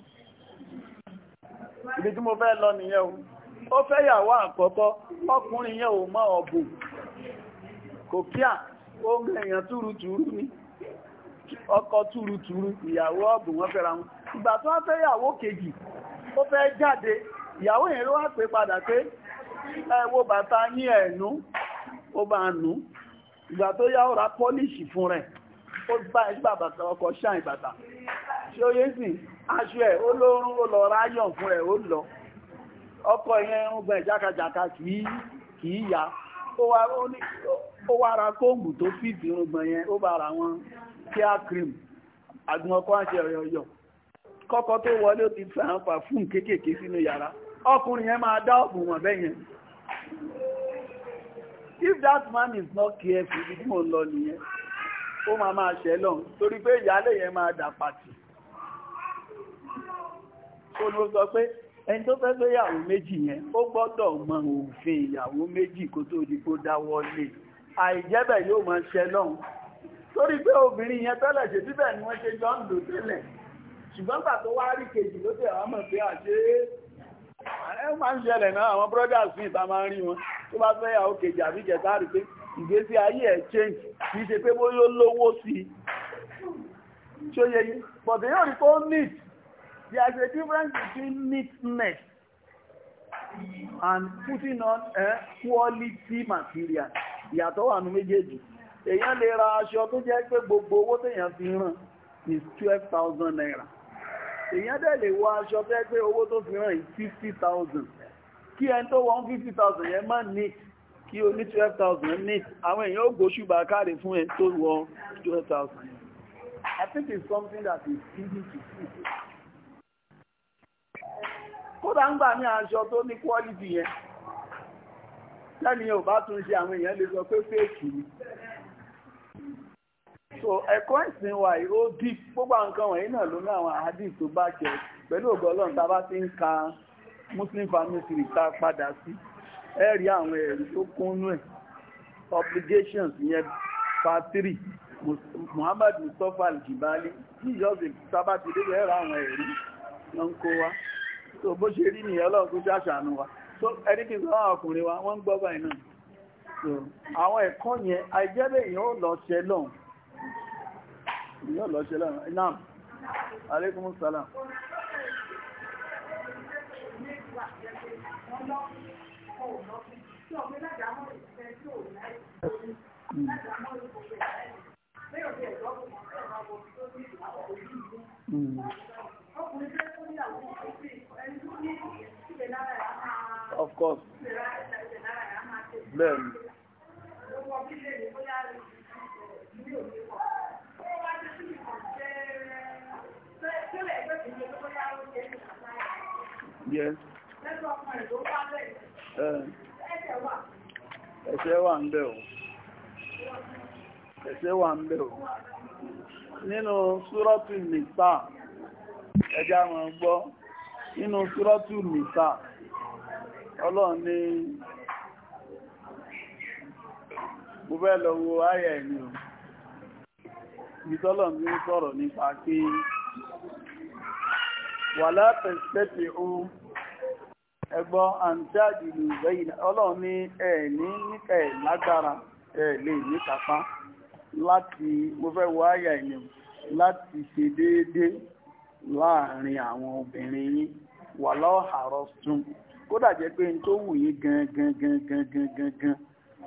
ibi tí mo fẹ́ lọ nìyẹn o ó fẹ́ yàwó àkọ́kọ́ ọkùnrin yẹn ò mọ ọ̀bùn kò kíà ó ń èèyàn túrutùru ni ọkọ túrutùru ìyàwó ọ̀bùn wọ́n fẹ́ra wọn ìgbà tó wá fẹ́ yàwó kejì ó fẹ́ jáde ìyàwó yẹn ló wá pé padà pé ẹwọ bàtà yí ẹ̀nú ó bá nù ìgbà tó yá ọ̀rá pọ́líṣì fún rẹ̀ ó bá ẹgbà bàtà ọkọ̀ ṣáì bàtà ṣe ó yé sì aṣọ ẹ̀ ó lórún ó lọ ráyọ̀ fún ẹ̀ ó lọ ọkọ̀ yẹn ń gbẹ̀ jákàjàkà kìí yá ó wá ra kóòmù tó fìdí irùngbọ̀n yẹn ó bá ra wọn kíá cream àgbọn ọkọ̀ àti ẹ̀rẹ̀ kọ́kọ́ tó wọlé ó ti fẹ́ àwọn pàfún kéékèèké sínú yàrá ọkùnrin yẹn máa dá ọ̀bùn wọn bẹ́yẹn if that man is not careful ibi tí mo lọ nìyẹn ó máa máa ṣẹ́ lọ torí pé ìyálé yẹn máa dà pàtì ó ní ó sọ pé ẹni tó fẹ́ fẹ́yàwó méjì yẹn ó gbọ́dọ̀ mọ òfin ìyàwó méjì kó tó di kó dáwọ́ lé àìjẹ́bẹ̀ yóò máa ṣẹ lọ́hùn torí pé obìnrin yẹn tẹ́lẹ̀ ṣe bíbẹ̀ ni wọ́n ṣe jọ ń lò tẹ́lẹ̀ ṣùgbọ́n gbà tó wá rí kejì ló tẹ̀ wá mọ̀ pé àṣé ẹ máa ń ṣẹlẹ̀ náà àwọn brothers ní ìta máa ń rí wọn tó bá fẹ́ yà òkè jàbí kẹta rí pé ìgbésí ayé ẹ̀ change kìí ṣe pé bóyó lówó sí i ṣóye yìí but yóò rí pé ó neat there is a difference between neatness and putting on a quality material ìyàtọ̀ wà nù méjèèjì èèyàn lè ra aṣọ tó jẹ́ pé gbogbo owó téèyàn fi ràn is twelve thousand naira èèyàn dẹ̀ lè wọ aṣọ fẹ́ pé owó tó fi hàn fifty thousand kí ẹni tó wọ́n fifty thousand yẹn má neat kí o ní twelve thousand neat àwọn èèyàn ó gbóṣùbà káre fún ẹni tó wọ́n twelve thousand. I think it's something that is easy to see. kódà ń gbà ní aṣọ tó ní quality yẹn lẹ́nu yẹn ò bá tún ṣe àwọn èèyàn lè sọ pé fake so ẹ̀kọ́ ìsìn wa dì gbogbo nǹkan wọ̀nyí náà ló ní àwọn àhádìí tó bá jẹ pẹ̀lú ògo ti ń ka Muslim family tree padà sí ẹ àwọn ẹ̀rí tó kúnnú ẹ̀ obligations yẹn fatiri Muhammad Mustapha Al-Jibali jíjọ́sì sábà ti dé ẹ̀rọ àwọn ẹ̀rí ló ń kó wa bó ṣe rí wa ẹni kí n wa wọ́n ń gbọ́ báyìí náà àwọn ẹ̀kọ́ yóò lọ ṣe lẹ́nu inam aleykum salam. Hmm. Hmm. Of course. Bẹ́ẹ̀ni. Yes. Eh. o. Nínú Súrọ́tù Nìsà, ẹjá wọn gbọ́, nínú Súrọ́tù Nìsà, ọlọ́run ni mo fẹ́ lọ wo ayẹ̀ ni o. Ìtọ́lọ̀ nípa wà ohun ẹgbọ́ àǹtáàdìlú ìgbẹ̀yìn ọlọ́run ní ẹ̀ẹ̀ní níkà ẹ̀ lágbára ẹ̀ lè ní kápá láti mo fẹ́ wọ àyà láti ṣe déédé láàrin àwọn obìnrin yín wà lọ́wọ́ tún kódà jẹ́ pé n tó wù yín gan gan gan gan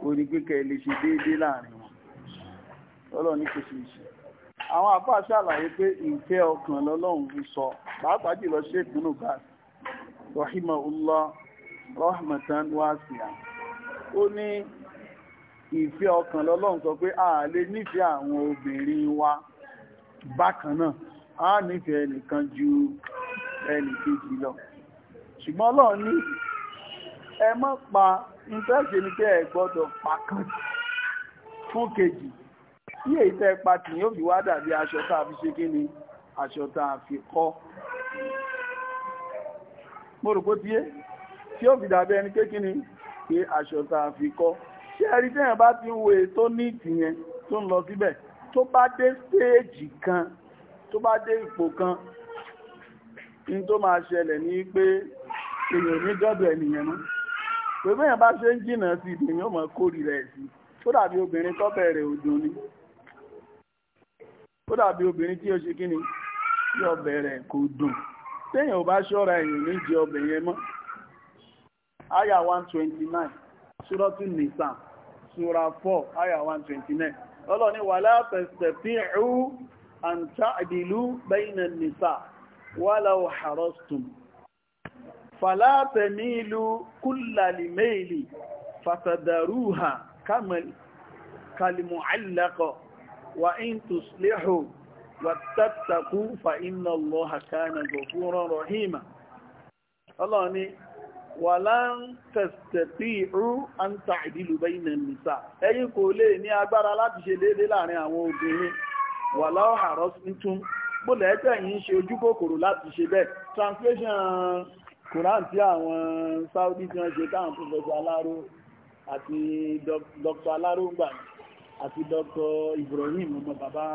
orí pípẹ́ lè ṣe déédé láàrin wọn kò àwọn àbá ṣàlàyé pé ìfẹ́ ọkàn lọ́lọ́run sọ pàápàá jùlọ rahimahullah rahmatan wasi'a ó ní ìfẹ́ ọkàn lọ́lọ́run sọ pé a lè nífẹ̀ẹ́ àwọn obìnrin wa bákan náà a nífẹ̀ẹ́ ẹnìkan ju ẹnì kejì lọ ṣùgbọ́n Ọlọ́run ní ẹ má pa ìfẹ́ṣe ní pé ẹ gbọ́dọ̀ pa kan fún kejì tí èyí tẹ́ pa tì wá dàbí aṣọ tá a fi ṣe kí ni aṣọ tá a fi kọ́ mo rò pé tiye tí ó fi dàbí ẹni pé kí ni pé aṣọ tá a fi kọ́ ṣé ẹ̀rí tẹ́yàn bá ti ń wo ètò ní ìtìyẹn tó ń lọ síbẹ̀ tó bá dé stéèjì kan tó bá dé ipò kan ní tó máa ṣẹlẹ̀ ní pé èèyàn ní dọ́dọ̀ ènìyàn mọ́ pé bẹ́yàn bá ṣe ń jìnnà sí ìdèyàn mọ́ kórìíra ẹ̀ sí tó dàbí obìnrin tọ́bẹ̀ rẹ̀ òdùn ni ó dàbí obìnrin tí ó ṣe kí ni yóò bẹ̀rẹ̀ kò dùn téèyàn ò bá ṣọ́ra ẹ̀yìn ní jẹ ọbẹ̀ yẹn mọ́ aya one twenty nine suratu nisa sura four aya one twenty nine ọlọ́ni wàlá tastati'u an ta'dilu bayna nisa walaw harastum fàlá tamilu kulla limayli fatadaruha kalimu'allaqa wa in tuslihu wàtàtàkù fa inna Allaha kana ghafuran rahima ọlọ́run ni wà láń tẹ̀sẹ̀tì rú an ta'dilu bayna nìsà ẹ̀yin kò lè ní agbára láti ṣe déédéé láàrin àwọn obìnrin wà láwọ́ àrọ́ tuntun bólẹ̀ ẹ̀tẹ́ ṣe ojú kòkòrò láti ṣe bẹ́ẹ̀ translation Quran tí àwọn Saudi tí wọ́n ṣe táwọn professor aláró àti Dr aláró ń gbà àti Dr Ibrahim ọmọ bàbá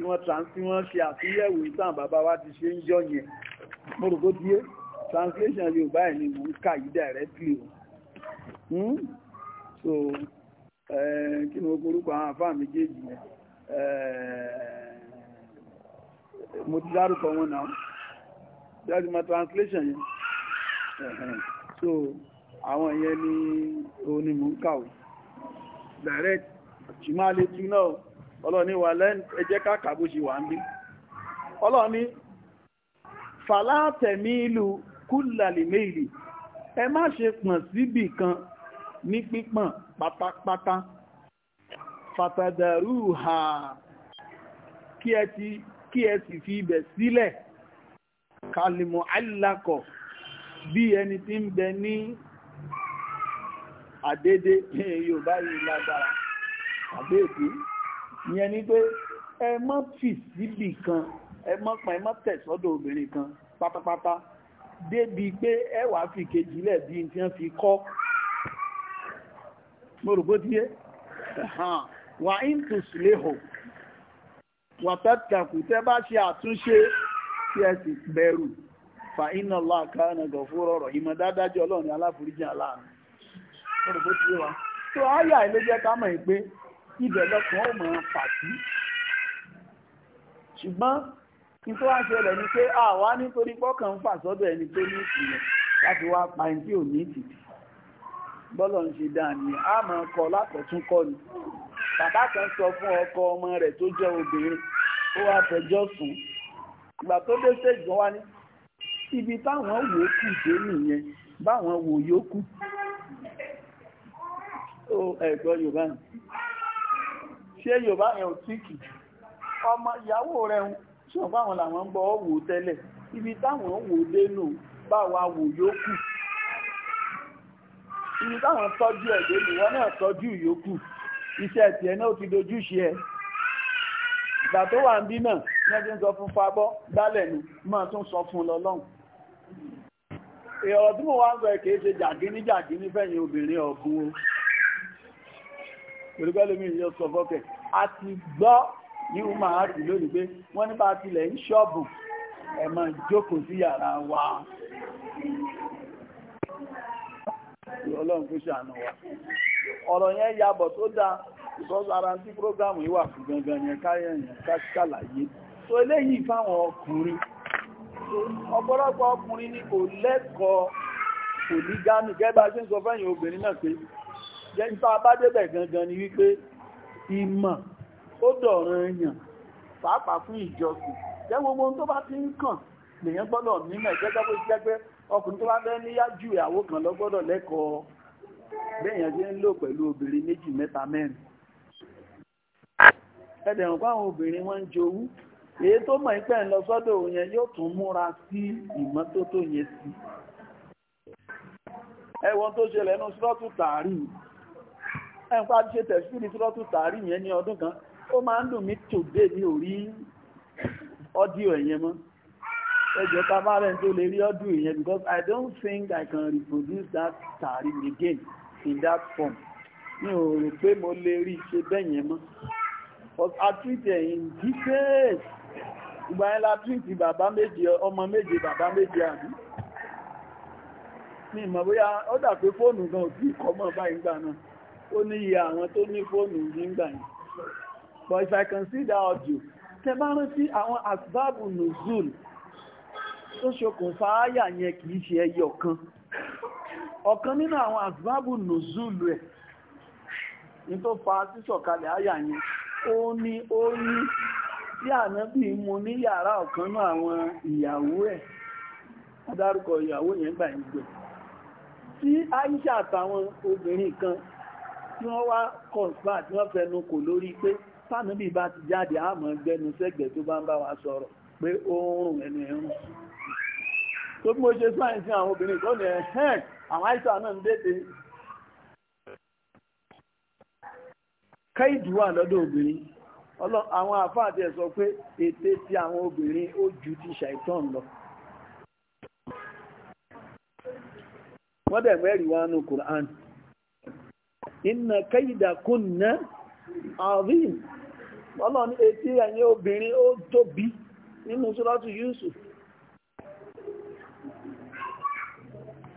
tí wọ́n tí wọ́n ṣe àtúnyẹ̀wò ìtàn bàbá wa ti ṣe ń jọ yẹn mo díẹ̀ translation yorùbá ẹ̀ ni mo ń kà yìí directly o hmm? so eh, kí ni o korúkọ àwọn àfáà méjèèjì yẹn eh, mo ti dárúkọ wọn náà dájú ma translation yẹn so àwọn yẹn ni òun ni mo ń kà o direct ṣùgbọ́n a lè tún náà ọlọ́ni wà lẹ́n ẹjẹ́ káàkà bó ṣe wà ń bí ọlọ́ni fàlátẹ̀mílù kúlàlìmẹ́ìlì ẹ má ṣe pọ̀n síbì kan ní pípọ̀n pátápátá fàtàdàrú ha kí ẹ ti kí ẹ sì fi ibẹ̀ sílẹ̀ kalimu alákọ̀ bí ẹni tí ń bẹ ní àdédé yorùbá yìí lágbára àbẹ́ẹ̀kú ìyẹn ni pé ẹ má fì síbì kan ẹ má pa ẹ má tẹ̀ sọ́dọ̀ obìnrin kan pátápátá débi pé ẹ wàá fi kejì lẹ̀ bí n tí wọ́n fi kọ́ mo rò bó ti yé wà ń tùsùlẹ̀ hò wà tẹ́tẹ̀kù tẹ́ bá ṣe àtúnṣe tí ẹ sì bẹ̀rù fa iná láàká ẹnàgọ̀ fún ọ̀rọ̀ ìmọ̀ dáadájọ́ ọlọ́run aláforíjì aláàánú mo rò bó ti yé wa tó áyà ilé jẹ́ ká mọ̀ pé ibẹ̀ lọ́kàn ó mọ̀ pàtí ṣùgbọ́n kí tó wá ṣẹlẹ̀ ni pé àwa nítorí pọ́kàn ń fà sọ́dọ̀ ẹni tó ní ìsìnlẹ̀ láti wá pa ẹni tí ò ní ìtìtì bọ́lọ̀ ń ṣe dáa ni a máa kọ látọ̀tún kọ́ ni bàbá kan sọ fún ọkọ ọmọ rẹ̀ tó jẹ́ obìnrin ó wá fẹjọ́ sùn ìgbà tó dé ṣègbọ́n wá ní ibi táwọn wò kù dé nìyẹn báwọn wò yókù ẹ̀gbọ́n yorùbá ṣé Yorùbá yẹn ò tí kì ọmọ ìyàwó rẹ̀ ń ṣùgbọ́n báwọn làwọn ń bọ́ wò tẹ́lẹ̀ ibi táwọn wò dé nù báwa wò yókù ibi táwọn tọ́jú ẹ̀dẹ́ nìwọ náà tọ́jú yókù iṣẹ́ tiẹ̀ náà ti dojú ṣe ẹ̀ ìgbà tó wà ń bí náà ní ẹjẹ́ ń sọ fún fabọ́ dálẹ̀ nu máa tún sọ fún lọ́lọ́run èrò tí mo wá ń sọ èkéé ṣe jàgínní jàgínní fẹ̀yìn obìnrin ọ̀gbun o pẹ̀lúgbẹ́lómi yọ sọ fọ́kẹ̀ a ti gbọ́ ní ọmọ àti lónìí pé wọ́n nípa tilẹ̀ ń ṣọ́ọ̀bù ẹ máa jókòó sí yàrá wa ọlọ́run kó ṣàánú wa ọ̀rọ̀ yẹn yabọ̀ tó dáa ìsọ́sọ́ ara tí prógámù yìí wà fún gangan yẹn káyẹ̀yàn káṣàlàyé tó eléyìí fáwọn ọkùnrin ọ̀pọ̀lọpọ̀ ọkùnrin ni kò lẹ́kọ̀ọ́ kò ní gánú gẹ́gbà tí ń sọ fẹ́yìn obìnrin náà pé jẹ́ ìta abádébẹ̀ gangan ni wípé ìmọ̀ ó dọ̀rọ̀ èèyàn pàápàá fún ìjọsìn jẹ́ gbogbo tó bá ti ń kàn lèyàn gbọ́dọ̀ nímọ̀ ìjẹ́jẹ́ bó jẹ́ pé ọkùnrin tó bá fẹ́ níyá ju ìyàwó kan lọ gbọ́dọ̀ lẹ́kọ̀ọ́ bẹ́ẹ̀yàn ṣe ń lò pẹ̀lú obìnrin méjì mẹ́ta mẹ́rin ẹ̀dẹ̀rùn fáwọn obìnrin wọ́n ń jowú èyí tó mọ̀ ìpẹ́ ń lọ sọ́dọ̀ yẹn yóò tún múra sí ìmọ́tótó tààrí ẹ̀ǹpá ṣe tẹ̀síìrì sọ́tù tààrí yẹn ní ọdún kan ó máa ń dùn mí tòde mi ò rí ẹ̀yẹn mọ́ ẹjọ́ ká bá rẹ̀ tó lè rí ọ́díò yẹn because I don't think I can reproduce that tààrí again in that form mi ò rò pé mo lè rí ṣe bẹ́ẹ̀ yẹn mọ́ but I treat it in detail ìgbà yẹn la treat bàbá méje ọmọ méje bàbá méje àbí mi mọ̀ bóyá ó dà pé fóònù gan ò tí ì kọ́ mọ́ báyìí gbà náà. ó ní iye àwọn tó ní fóònù yìí gbà yìí but if i consider audio tẹ bá rántí àwọn asbábù nùzùl tó ṣokùnfà áyà yẹn kìí ṣe ẹyẹ ọ̀kan ọ̀kan nínú àwọn asbábù nùzùl rẹ̀ ní tó fa sísọ̀kalẹ̀ áyà yẹn ó ní ó ní tí ànábì mú ní yàrá ọ̀kan náà àwọn ìyàwó ẹ̀ adárúkọ ìyàwó yẹn gbà ń gbẹ̀ tí Aisha àtàwọn obìnrin kan tí wọ́n wá kọ̀ǹpá tí wọ́n fẹnu kò lórí pé fánàbí bá ti jáde àmọ́ gbẹnu sẹ́gbẹ̀ẹ́ tó bá ń bá wa sọ̀rọ̀ pé ó ń rùn ẹnu ẹ̀rùn tó bí mo ṣe sáyẹn sí àwọn obìnrin tó ní ẹ̀hẹ́n àwọn àìsàn náà ń dédé kẹ́ìdù wà lọ́dọ̀ obìnrin àwọn àfáàtì ẹ̀ sọ pé ète ti àwọn obìnrin ó ju ti ṣàìtàn lọ wọ́n dẹ̀ mẹ́rin wá nù inna kẹ́yìdà kún ná àrín ni ní etí ẹ̀yìn obìnrin ó tóbi nínú Yusuf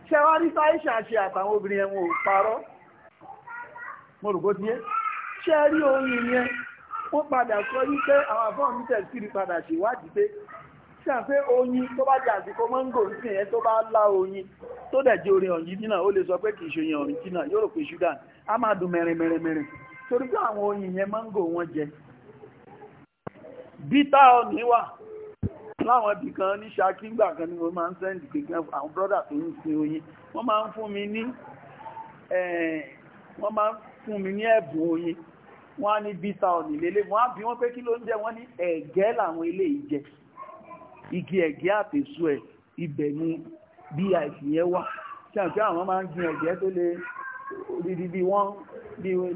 ṣẹwárí táìṣà ṣe àtàwọn obìnrin ẹ̀wọ̀n ò parọ́ mo rò bó ti yé ṣẹ́ rí oyin yẹn wọ́n padà sọ wípé àwọn àfọ́ọ̀mítẹ̀ pada si wadi pe ṣàfẹ́ oyin tó bá jà àsìkò mọ́ngò sí ẹ tó bá lá oyin tó dẹ̀jẹ́ orin ọ̀yìn dínà ó lè sọ pé kìí ṣoyin ọ̀rìn dínà yóò rò pé ṣúgà á máa dùn mẹ́rin mẹ́rin mẹ́rin torí pé àwọn oyin yẹn mọ́ngò wọn jẹ bítà ọ̀nì wà láwọn ibì kan ní ṣákí ńgbà kan ni mo máa ń sẹ́ndì pé gan àwọn brọ́dà tó ń sin oyin wọ́n máa ń fún mi ní wọ́n máa ń fún mi ní ẹ̀bùn oyin wọ́n á ní bítà ọ̀nì lélẹ̀ wọ́n á bí wọ́n pé kí ló ń jẹ wọ́n ní ẹ̀gẹ́ làwọn eléyìí jẹ igi ẹ̀gẹ́ àtẹ̀sù ẹ̀ ibẹ̀ ni bí àìsàn yẹn wà tí àti àwọn máa ń gbin ẹ̀gẹ́ tó lè rí bí wọ́n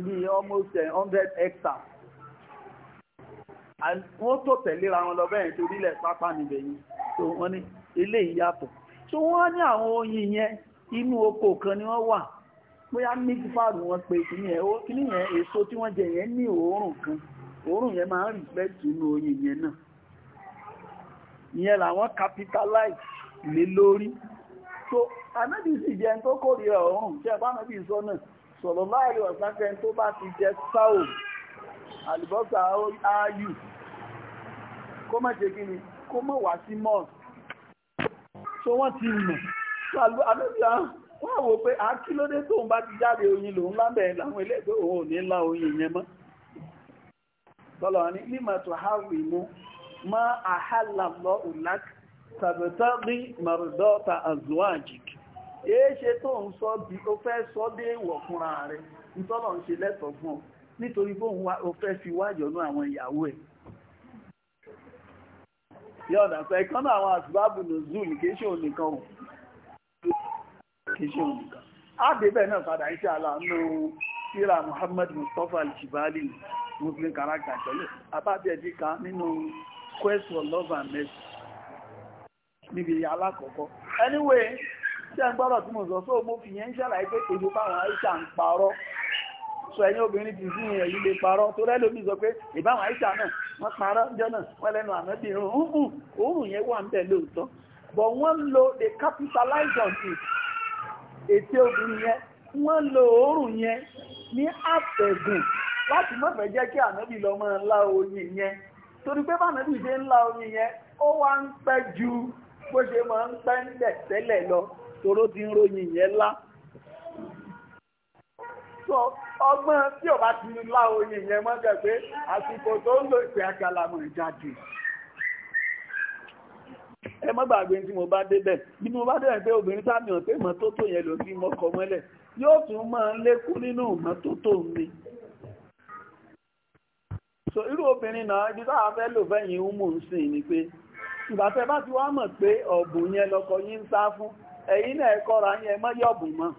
bí almost hundred hectares wọ́n tó tẹ̀léra wọn lọ bẹ́ẹ̀ torí ilẹ̀ pápá níbẹ̀ yìí tó wọ́n ní eléyìí yàtọ̀ tó wọ́n ní àwọn oyin yẹn inú oko kan ni wọ́n wà bóyá méjì fáàrù wọn pé kìíní yẹn èso tí wọ́n jẹ yẹn ní òórùn kan òórùn yẹn máa ń rìfẹ́tì inú oyin yẹn náà ìyẹn làwọn capitalize lé lórí so anábì sì ẹni tó kórìíra ọ̀run ṣe bá sọ náà sọ̀rọ̀ láàrin ọ̀sánkẹ́ tó bá ti jẹ sáò àlùbọ́sà áyù kó má ṣe kí ni kó má wá sí mọ́ọ̀sì a kí ló dé tóun bá ti jáde oyin lòun lábẹ́ láwọn ilé ìgbé òun ò ní ńlá oyin mọ́ tọ́lọ̀ lima to ma àhàlàlọ́ ulak tàbítàbí mardata azuwajik èé ṣe tó ń sọ bí ó fẹ́ sọ dé ìwọ̀ fúnra rẹ̀ nítọ́lọ̀ ń ṣe lẹ́tọ̀ fún ọ nítorí bóun ó fẹ́ fi wájọ̀ ní àwọn ìyàwó ẹ̀ yọ̀dà pé kan náà àwọn àtìbábù nùzùl kìí ṣe ònìkan ò kìí ṣe ònìkan àdébẹ̀ náà padà iṣẹ́ aláàánú síra Muhammad Mustapha al-Jibali Muslim character tẹ́lẹ̀ abájẹ́díka nínú quest for love and mercy níbi alákọ̀ọ́kọ́ anyway ṣé ń gbọ́dọ̀ tí mo sọ sóò mo fi yẹn ń ṣàlàyé pé kò ju báwọn aisha ń parọ́ sọ ẹ̀yin obìnrin ti sí ẹ̀yin lè parọ́ tó lẹ́lómi sọ pé ìbáwọn aisha náà wọ́n parọ́ jọ́nà wọ́n lẹ́nu ànábì rún ún òórùn yẹn wà ń bẹ̀ lóòótọ́ but wọ́n lo they capitalize on it ètè obìnrin yẹn wọ́n lo òórùn yẹn ní àtẹ̀gùn láti má fẹ́ jẹ́ kí ànábì lọ́mọ ńlá oyin yẹn torí pé bá nàbí ìdé ńlá omi yẹn ó wá ń pẹ́ ju bó ṣe máa ń pẹ́ ń dẹ̀ tẹ́lẹ̀ lọ toró ti ń ròyìn yẹn lá sọ ọgbọ́n tí ò bá ti lá oyin yẹn mọ́ jẹ́ pé àsìkò tó ń lò ìpè àgàlàmọ̀ ìjáde ẹ mọ́ gbàgbé tí mo bá débẹ̀ bí mo bá débẹ̀ pé obìnrin sáàmì ọ̀tẹ́ ìmọ́tótó yẹn ló fi mọ́kọ mọ́lẹ̀ yóò tún máa lékún nínú ìmọ́tótó mi so irú obìnrin náà ibi táwa fẹ́ lò fẹ́yìn ń mú un sìn ni pé ìgbàfẹ́ bá ti wá mọ̀ pé ọ̀bùn yẹn lọkọ yín ń sá fún ẹ̀yin náà ẹ̀kọ́ra yẹn mọ́ yọ̀bùn mọ́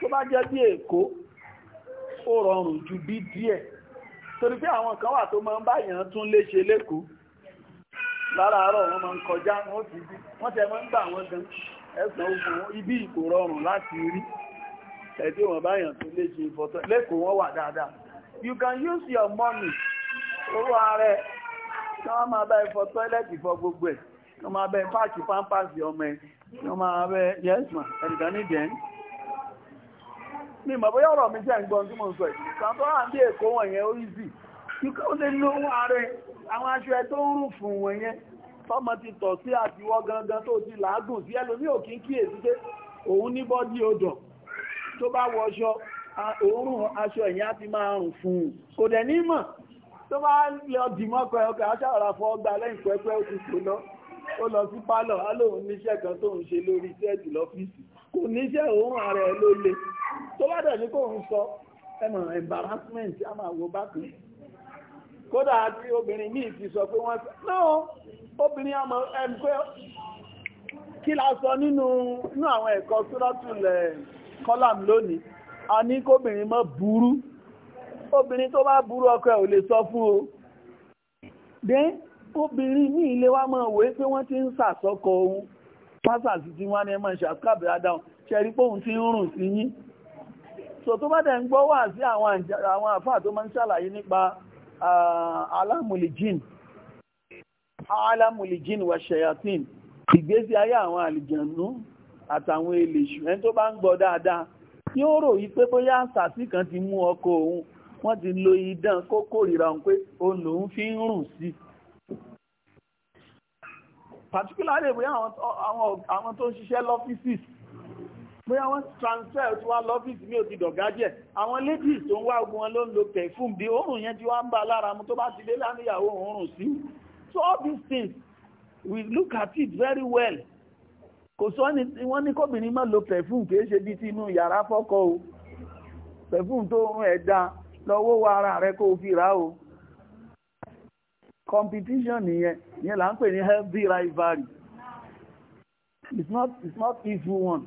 tó bá jẹ́ bí èkó ó rọrùn ju bí díẹ̀ torí pé àwọn kan wà tó máa ń báyàn tún léṣe ibi rọrùn láti rí ẹ̀dí wọn báyàn tún wà dáadáa you can use your money owó ààrẹ kí wọ́n máa bá ẹ fọ tọ́ílẹ̀tì fọ gbogbo ẹ̀ kí wọ́n máa bá ẹ páàkì pampasì ọmọ ẹ̀ kí wọ́n máa bá ẹ yes ma ẹnìkan nídìí ẹ̀ mi mọ̀ bóyá ọ̀rọ̀ mi jẹ́ ìgbọ́n tí mo sọ yìí kan tó hàn bí èkó wọ̀nyẹn ó easy ó lè lo owó ààrẹ àwọn aṣọ ẹ tó ń rùn fún wọ̀nyẹn tọ́mọ ti tọ̀ sí àtiwọ́ gangan tó ti làágùn sí ẹlòmí òkín kíyèsí pé òun ní bọ́dí odò tó bá wọṣọ òórùn aṣọ ẹ̀yìn á ti máa rùn fún un kò dẹ̀ ní mọ̀ tó bá lọ dìmọ́ pẹ̀ọkẹ̀ aṣáàrà fọ́ ọgbà lẹ́yìn pẹ́pẹ́ ó ti pè lọ ó lọ sí pálọ̀ á lóun níṣẹ́ kan tó ń ṣe lórí tẹ́ẹ̀dì lọ́fíìsì kò níṣẹ́ òórùn ara ẹ̀ ló le tó bá dẹ̀ ní kò ń sọ ẹmọ̀ embarrassment a máa wo bá kìí kódà àti obìnrin míì ti sọ pé wọ́n náà obìnrin àmọ́ ẹm pé kí la sọ nínú àwọn ẹ̀kọ́ sóràtúlẹ̀ eh, kọ́làm lónìí a ní kóbìnrin mọ́ burú obìnrin tó bá burú ọkọ ẹ̀ ò lè sọ fún o dé obìnrin ní ilé wa máa wòye pé wọ́n ti ń sàsọ́kọ ohun pásàsì tí wọ́n ní ẹmọ́ ìṣàkábẹ̀ adáhùn ṣẹ̀rí póhun ti ń rùn sí yín so tó bá dẹ̀ ń gbọ́ wà sí àwọn àfáà tó máa ń ṣàlàyé nípa alámùlìjìn alámùlìjìn wà ṣẹ̀yàtín ìgbésí ayé àwọn àlìjànú àtàwọn èlèṣù ẹni tó bá ń gbọ́ dáadáa yóò rò yí pé bóyá àṣàsí kan ti mú ọkọ òun wọ́n ti lo idán kó kórìíra òun pé òun lòun fi ń rùn sí i particularly bóyá àwọn tó ń ṣiṣẹ́ lọ́fíìsì bóyá wọ́n transfer tí wá lọ́fíìsì ní òtí dọ̀gájẹ̀ àwọn ladies tó ń wá ogun wọn ló ń lo perfume bí oòrùn yẹn tí wá ń bá lára mu tó bá ti dé láníyàwó oòrùn sí so all these things we look at it very well kò sọ ní wọ́n ní kóbìnrin má lo perfume kìí ṣe bí tinú yàrá fọ́kọ o perfume tó rún ẹ̀dá lọ́wọ́ wa ara rẹ kó fi rà o competition nìyẹn ìyẹn là ń pè ní healthy rivalry it's not it's not easy one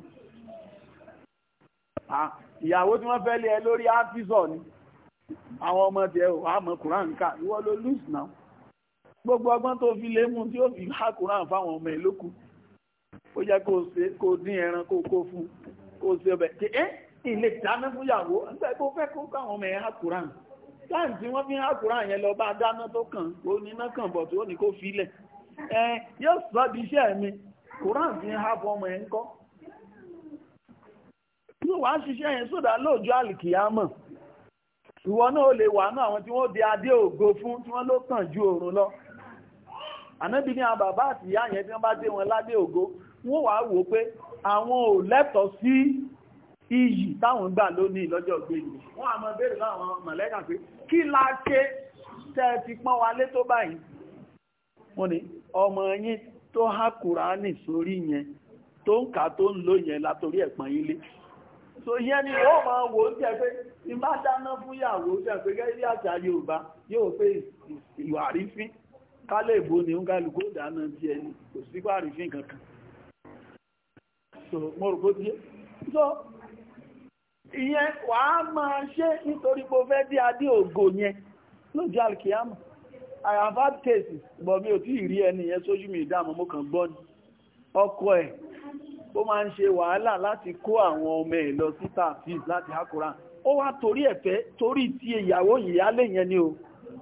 ìyàwó tí wọ́n fẹ́ lé ẹ lórí áfíìsọ̀ ni àwọn ọmọ tiẹ̀ wà á mọ kùrán ká ìwọ ló lùsùn náà gbogbo ọgbọ́n tó fi lé mú tí ó fi há kùrán fáwọn ọmọ ìlókù ó yẹ kó ṣe kó ẹran kó fún kó si ọbẹ̀ tí ẹ́ ilé dáná fún ìyàwó ẹgbẹ́ tó fẹ́ kó káwọn ọmọ ẹ̀ tí wọ́n fi ń hákùrán yẹn lọ bá dáná tó kàn ó níná kàn bọ̀ tó ní kó filẹ̀ ẹ yóò sọ di iṣẹ́ mi kùrán fi ń ọmọ ẹ ń kọ́ ṣiṣẹ́ yẹn sódà lóòjọ́ ìwọ náà lè wà àwọn tí wọ́n di ju òrùn lọ ní bàbá àtìyá yẹn tí wọn ládé wọ́n wà wò pé àwọn ò lẹ́tọ̀ọ́ sí iyì táwọn gbà lónìí lọ́jọ́ gbèlè wọ́n àmọ́ béèrè láwọn mọ̀lẹ́kà pé kí la ṣe tẹ́ ti pọ́n wa lé tó báyìí wọ́n ọmọ yín tó há kùránì sórí yẹn tó ń kà tó ń lò yẹn ẹ̀pọ̀n yín lé so yẹn ni ó máa wò ó pé dáná fún ìyàwó pé gẹ́gẹ́ bí àṣà Yorùbá ni ó ń dáná ẹni kò sí so mo rò kó díẹ̀ so ìyẹn wà á máa ṣe nítorí pé fẹ́ dé adé ògo yẹn lójú alkiyama i have had cases but mi ò tí ì rí ẹni yẹn sójú mi ìdáàmú mo kàn gbọ́ ni ọkọ ẹ̀ ó máa ń ṣe wàhálà láti kó àwọn ọmọ ẹ̀ lọ sí tàfíìs láti hákùrán ó wá torí ẹ̀fẹ́ torí tí ìyàwó ìyálé yẹn ni o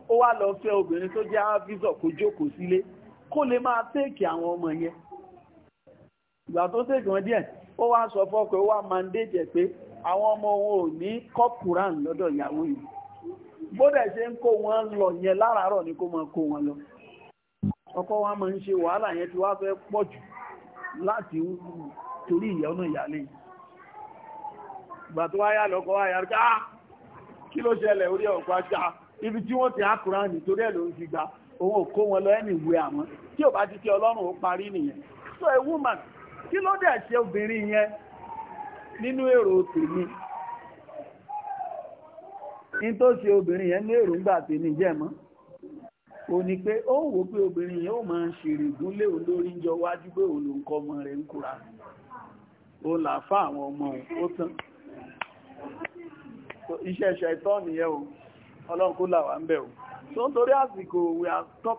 ó wá lọ fẹ́ obìnrin tó jẹ́ áfíìsọ̀ kó jókòó sílé kó lè máa tẹ́ẹ̀kì àwọn ọmọ yẹn ìgbà tó tèkì wọn díẹ̀ ó wá sọ fọ́kọ̀ ó wá mandate pé àwọn ọmọ ohun ò ní kọ́ lọ́dọ̀ ìyàwó yìí bódẹ̀ ṣe ń kó wọn lọ yẹn láràárọ̀ ni kó máa kó wọn lọ ọkọ wa máa ń ṣe wàhálà yẹn tí wá fẹ́ pọ̀ jù láti torí ìgbà tí wọ́n á ẹ̀ ló ń fi gba kí ọlọ́run ó parí nìyẹn so kí ló dẹ̀ ṣe obìnrin yẹn nínú èrò tèmi ní tó ṣe obìnrin yẹn ní èròǹgbà tèmi jẹ́mọ́ ó ní pé ó ń wò pé obìnrin yẹn ó máa ń ṣèrè gúnlé òun lórí ń jọ wájú pé òun ló ń kọ́ ọmọ rẹ̀ ń kúra ó là fá àwọn ọmọ ò ó tán iṣẹ́ ṣẹ̀tọ́ nìyẹn o ọlọ́run kó là wá ń bẹ̀ o so nítorí àsìkò we are stop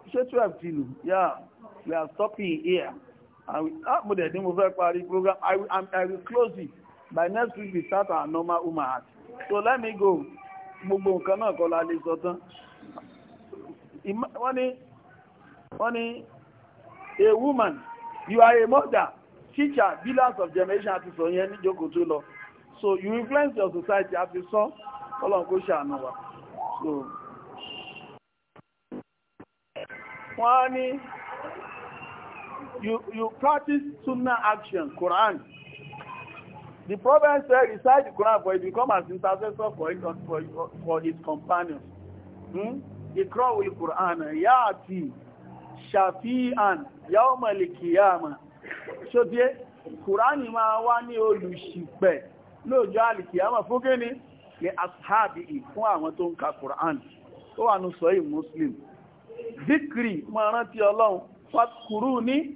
we are stopping here àmúdẹ̀ ah, tí mo fẹ́ parí program I will, I will close it by next week we start our normal human so let me go gbogbo nǹkan náà kọ́ la lè wọ́n ní a woman you are a mother teacher billions of generation àti sọ yẹn níjókòó tó lọ so you influence your society àti sọ ọlọ́run kó ṣàánú wa so wọ́n á you, you practice sunnah action, Quran. The prophet said, recite the Quran for it, become as intercessor for it, for, for his companions. Hmm? Ikra will Quran, Ya'ati, Shafi'an, al Likiyama. So the Quran is one máa wá No olùṣìpẹ̀ al Alikiyama Forget kíni? The ashabi fún àwọn to ń ka Quran. Ó wà ní sọ́yìn Muslim. Zikri, máa rántí Ọlọ́run, fatkuru ní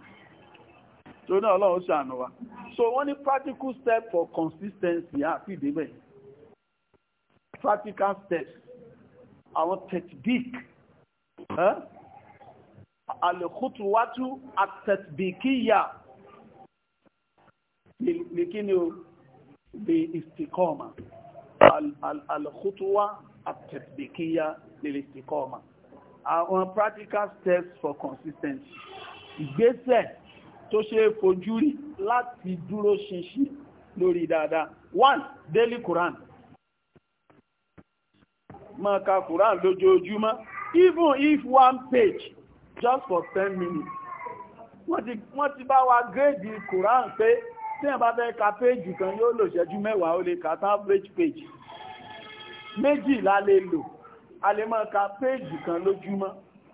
torí náà ọlọ́run ṣàánú wa so wọ́n ní practical step for consistency àti ìdíbẹ̀ practical steps àwọn tẹ̀tìdík alẹ́kùtùwátú àtẹ̀tìdíkìyà lè kí ni o lè ìsìkọ́ọ̀mà alẹ́kùtùwá àtẹ̀tìdíkìyà lè ìsìkọ́ọ̀mà àwọn practical steps for consistency ìgbésẹ̀ tó ṣe é fojú rí láti dúró ṣinṣin lórí dáadáa one daily Quran máa ka Quran lójoojúmọ́ even if one page just for ten minutes wọ́n ti bá wa gírèdì Quran pé tí ẹ̀ bá fẹ́ ka péjì kan yóò lò ṣẹ́jú mẹ́wàá ó lè ka tán page page méjì la lè lò a lè máa ka péjì kan lójúmọ́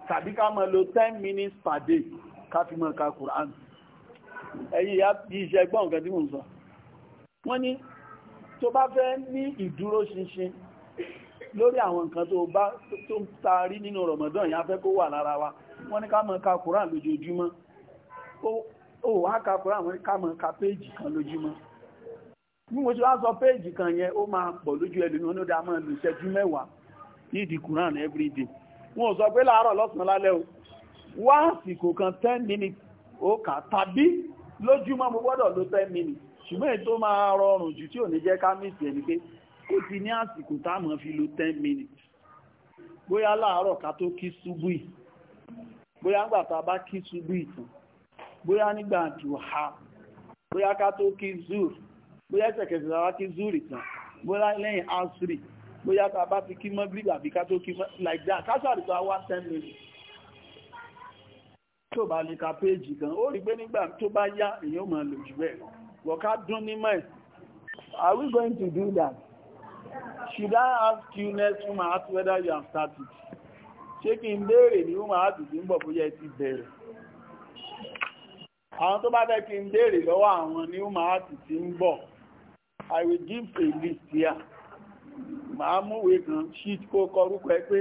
tàbí ká máa lo ten minutes per day ká fi máa ka Quran ẹ̀yí iṣẹ́ gbọ́n nǹkan tí mo ń sọ wọ́n ní tó bá fẹ́ ní ìdúró ṣinṣin lórí àwọn nǹkan tó bá tó ń taari nínú Ramadan yá fẹ́ kó wà lára wa wọ́n ní ká mọ̀ ka Kùrán lójoojúmọ́ ó wá ka Kùrán wọ́n ní ká mọ̀ ka péèjì kan lójúmọ́ bí mo ṣe wá sọ péèjì kan yẹn ó máa pọ̀ lójú ẹlòmíràn ló dáa máa lò ìṣẹ́jú mẹ́wàá nídìí Kùrán everyday wọn ò sọ pé láàárọ̀ lọ́sàn-án lálẹ́ o wá àsìkò kan ten minutes ó kà tàbí lójúmọ́ mo gbọ́dọ̀ lò ten minutes ṣùgbọ́n èyí tó máa rọrùn jù tí ò ní jẹ́ ká mìsì ẹni pé ó ti ní àsìkò táàmù fi lò ten minutes bóyá láàárọ̀ ká tó kí ṣubú ì bóyá nígbà tá a bá kí ṣubú ìtàn bóyá nígbà dùhà bóyá ká tó kí zur bóyá ẹsẹ̀kẹsẹ̀ tá a bá kí zur ìtàn bóyá lẹ́yìn asri bóyá tá a bá ti kí mọ́gírì àbí ká tó kí like that ká ṣàrìtọ̀ àwa ten minutes tó bá lè ka péjì kan ó rí pé nígbà tó bá yá èyàn máa lò jù bẹ́ẹ̀ wọ̀ká dún ní mẹ́ are we going to do that should I ask you next time I ask whether you have started ṣé kí n béèrè ní wọ́n máa dùn bọ̀ bóyá ẹ ti bẹ̀rẹ̀ àwọn tó bá fẹ́ kí n béèrè lọ́wọ́ àwọn ní wọ́n máa dùn ti bọ̀ I will give a list here màá múwèé kan sheet kó kọ orúkọ ẹ pé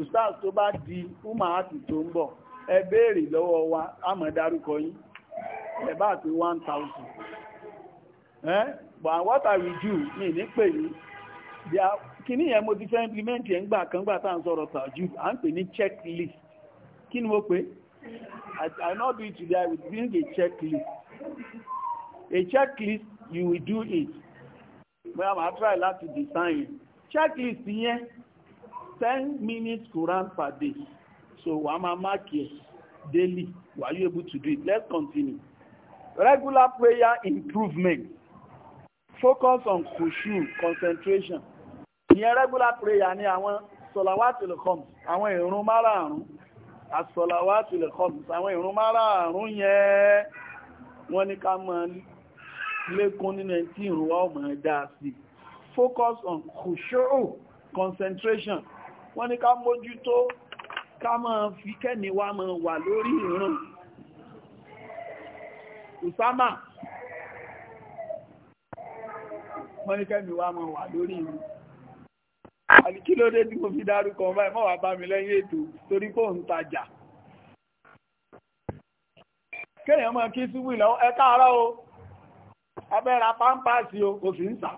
ustaz tó bá di wọ́n máa dùn tó ń bọ̀ ẹ béèrè lọ́wọ́ wa àmọ́ dárúkọ yín ẹ bá pé one thousand ẹ́ but what are we do me ní pè yín kini yẹn mo ti fẹ́ implement yẹn gbà kan gbà tá à ń sọ̀rọ̀ tàjú à ń pè ní checklist kí ni mo pè I, I not do it today I will bring a checklist a checklist you will do it bóyá màá try to design checklist yẹn ten minutes Quran per day. so wàá máa máàkì ẹ̀ daily were you able to do it let's continue regular prayer improvement focus on khushu concentration ìyẹn regular prayer ni àwọn sọ̀làwátìlẹ̀ comes àwọn ìrun márààrún àsọ̀làwátìlẹ̀ comes àwọn ìrun márààrún yẹn wọ́n ní ká máa lékún nínú ẹni tí ìrun wa ó máa dá sí focus on khushu concentration wọ́n ní ká mójútó ká máa fi kẹ́ni wá máa wà lórí ìran Usama wọ́n ní kẹ́mi wá máa wà lórí ìran àlìkí ló dé tí mo fi dárúkọ ọba ẹ̀mọ́ wà bá mi lẹ́yìn ètò torí kò ń tajà kéèyàn máa kí súnmù ìlọ ẹ káàárọ̀ o abẹ́ra pámpáàsì o kò fi ń tà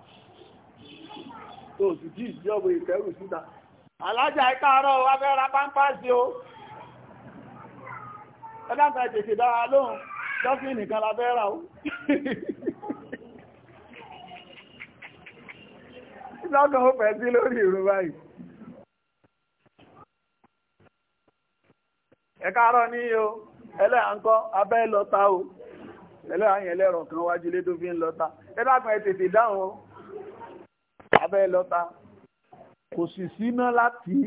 tó sì tí ìjọba ìkẹrù síta alájà ìkáàrọ̀ wá fẹ́ o ẹ̀dàkà ìtètè dára lóhun jọ́sí nìkan o lọ́gán ó fẹ́ sí lórí ìrù báyìí ní o ẹlẹ́à abẹ́ lọ́ta o ẹlẹ́à yẹn kan wájú lé tó fi ń dáhùn abẹ́ kò sì síná láti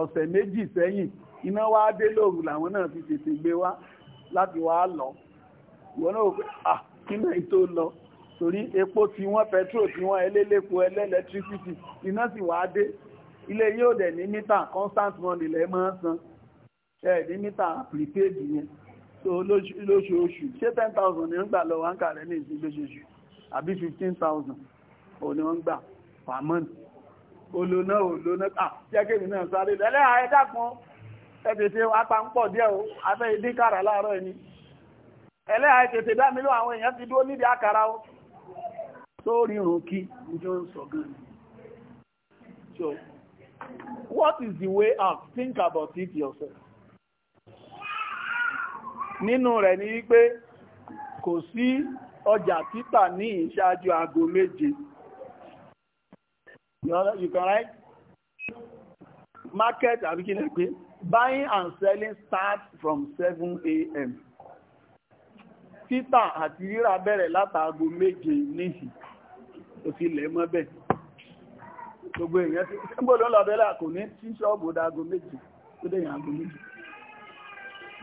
ọ̀sẹ̀ méjì sẹ́yìn iná wá dé lóru làwọn náà fi tètè gbé wá láti wá lọ ìwọ náà pé ah kí náà tó lọ torí epo tí wọ́n petrol tí wọ́n elélépo elélẹtírísítì iná sì wá dé ilé yóò dẹ̀ ní mítà constant money lẹ́ máa ń san ẹ̀ ní mítà prepaid yẹn so lóṣooṣù ṣé ten thousand ni wọ́n gbà lọ wáńkà rẹ̀ ní ìsìn lóṣooṣù àbí fifteen thousand òun ni wọ́n gbà per month olóná olóná jẹ́kẹ́mì náà sáré lẹ́lẹ́ àẹ́dàkùn ẹ̀tẹ̀tẹ̀ apá ń pọ̀ díẹ̀ o afẹ́ ìdí kàrà láàárọ̀ ẹni ẹlẹ́ àẹ́tẹ̀tẹ̀ dámilọ́ àwọn èèyàn ti dúró nídìí àkàrà o tó rírun ìjọ ń sọ gan so what is the way out think about it yourself nínú rẹ̀ ni wípé kò sí ọjà títà ní ìṣáájú aago méje You, can write market àbíkínlẹ̀pẹ́ buying and selling starts from 7 a.m. títà àti rírà bẹ̀rẹ̀ látàago méje níhìn tó fi lẹ̀ mọ́ bẹ̀ gbogbo èèyàn tí gbogbo ló lọ́bẹ̀lẹ̀ kò ní tí ṣọ́ọ̀bù dáago méje tó dé ìyàgò méje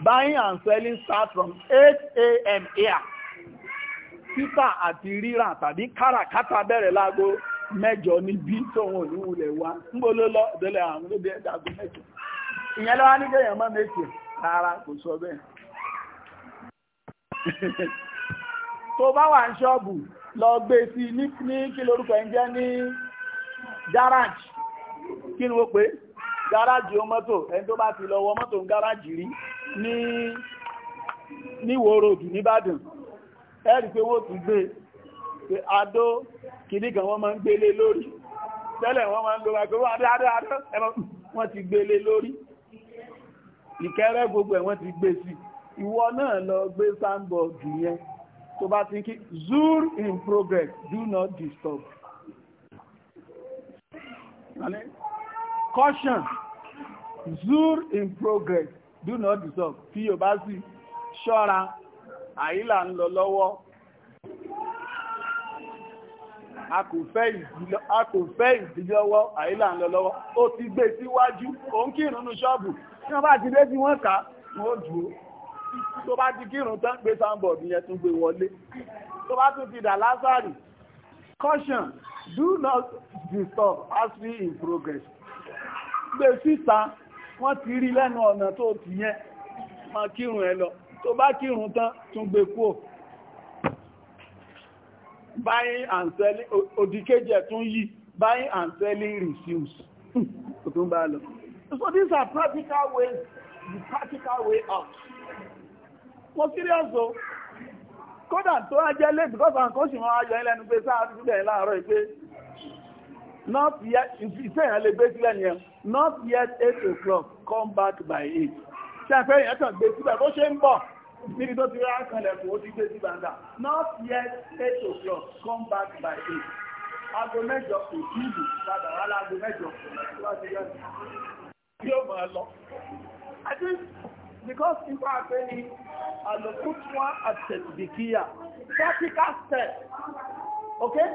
buying and selling starts from 8 a.m. here títà àti rírà tàbí káràkátà bẹ̀rẹ̀ láago mẹ́jọ tóun ò ní wulẹ̀ wá ń ló ìdọ́lẹ̀ àwọn ẹ̀dá ìyẹn lọ́wọ́ ní kéèyàn méjì rárá kò sọ bẹ́ẹ̀ tó bá wà ní ṣọ́ọ̀bù lọ gbé sí ní kí l'orúkọ ẹ̀ ní garage kí ni wọ́n pè mọ́tò ẹni tó wọ mọ́tò ń ní gbé e. pé adó kìíní kan wọ́n máa ń gbélé lórí tẹ́lẹ̀ wọ́n máa ń lo àgbẹ̀wọ́ adó adó adó ẹ̀rọ wọ́n ti gbélé lórí ìkẹ́rẹ́ gbogbo ẹ̀ wọ́n ti gbé sí ìwọ náà lọ gbé sáńbọ̀dù yẹn tó bá ti kí zur in progress do not disturb caution zur in progress do not disturb fi yóò bá sí ṣọ́ra àyílà ń lọ lọ́wọ́ a kò fẹ́ ìdílọ́wọ́ àìlà ń lọ lọ́wọ́ ó ti gbé síwájú òun kírun ní ṣọ́ọ̀bù tí wọ́n bá ti dé tí wọ́n kà wọ́n jù tó bá ti kírun tán gbé soundboard yẹn tún gbé wọlé tó bá tún ti dà lásàrì caution do not disturb as we in progress gbé síta wọ́n ti rí lẹ́nu ọ̀nà tó ti yẹn máa kírun ẹ lọ tó bá kírun tán tún gbé kúrò buying and selling òdìkejì ẹ̀tún yìí buying and selling resumes hmm, kò tún bá lọ so these are practical ways the practical way out mo serious o kódà tó á jẹ́ late because àwọn kan sì máa yọ ilẹ̀ ẹnu pé sáà ti bẹ̀rẹ̀ láàárọ̀ pé not yet ìfẹ́ ìyẹn lè gbé sílẹ̀ yẹn not yet eight o'clock come back by eight ṣe àfẹ́ ìyẹn kàn gbé sílẹ̀ bó ṣe ń bọ̀ níbi tó ti rá kanlẹ̀kùn ó ti gbé sí bàndà not yet eight o'clock come back by eight aago mẹ́jọ kò tí ìlú padà wá láago mẹ́jọ tí ó máa lọ i think because nípa pé ní alokutwa àtẹ̀sìdìkíyà practical step okay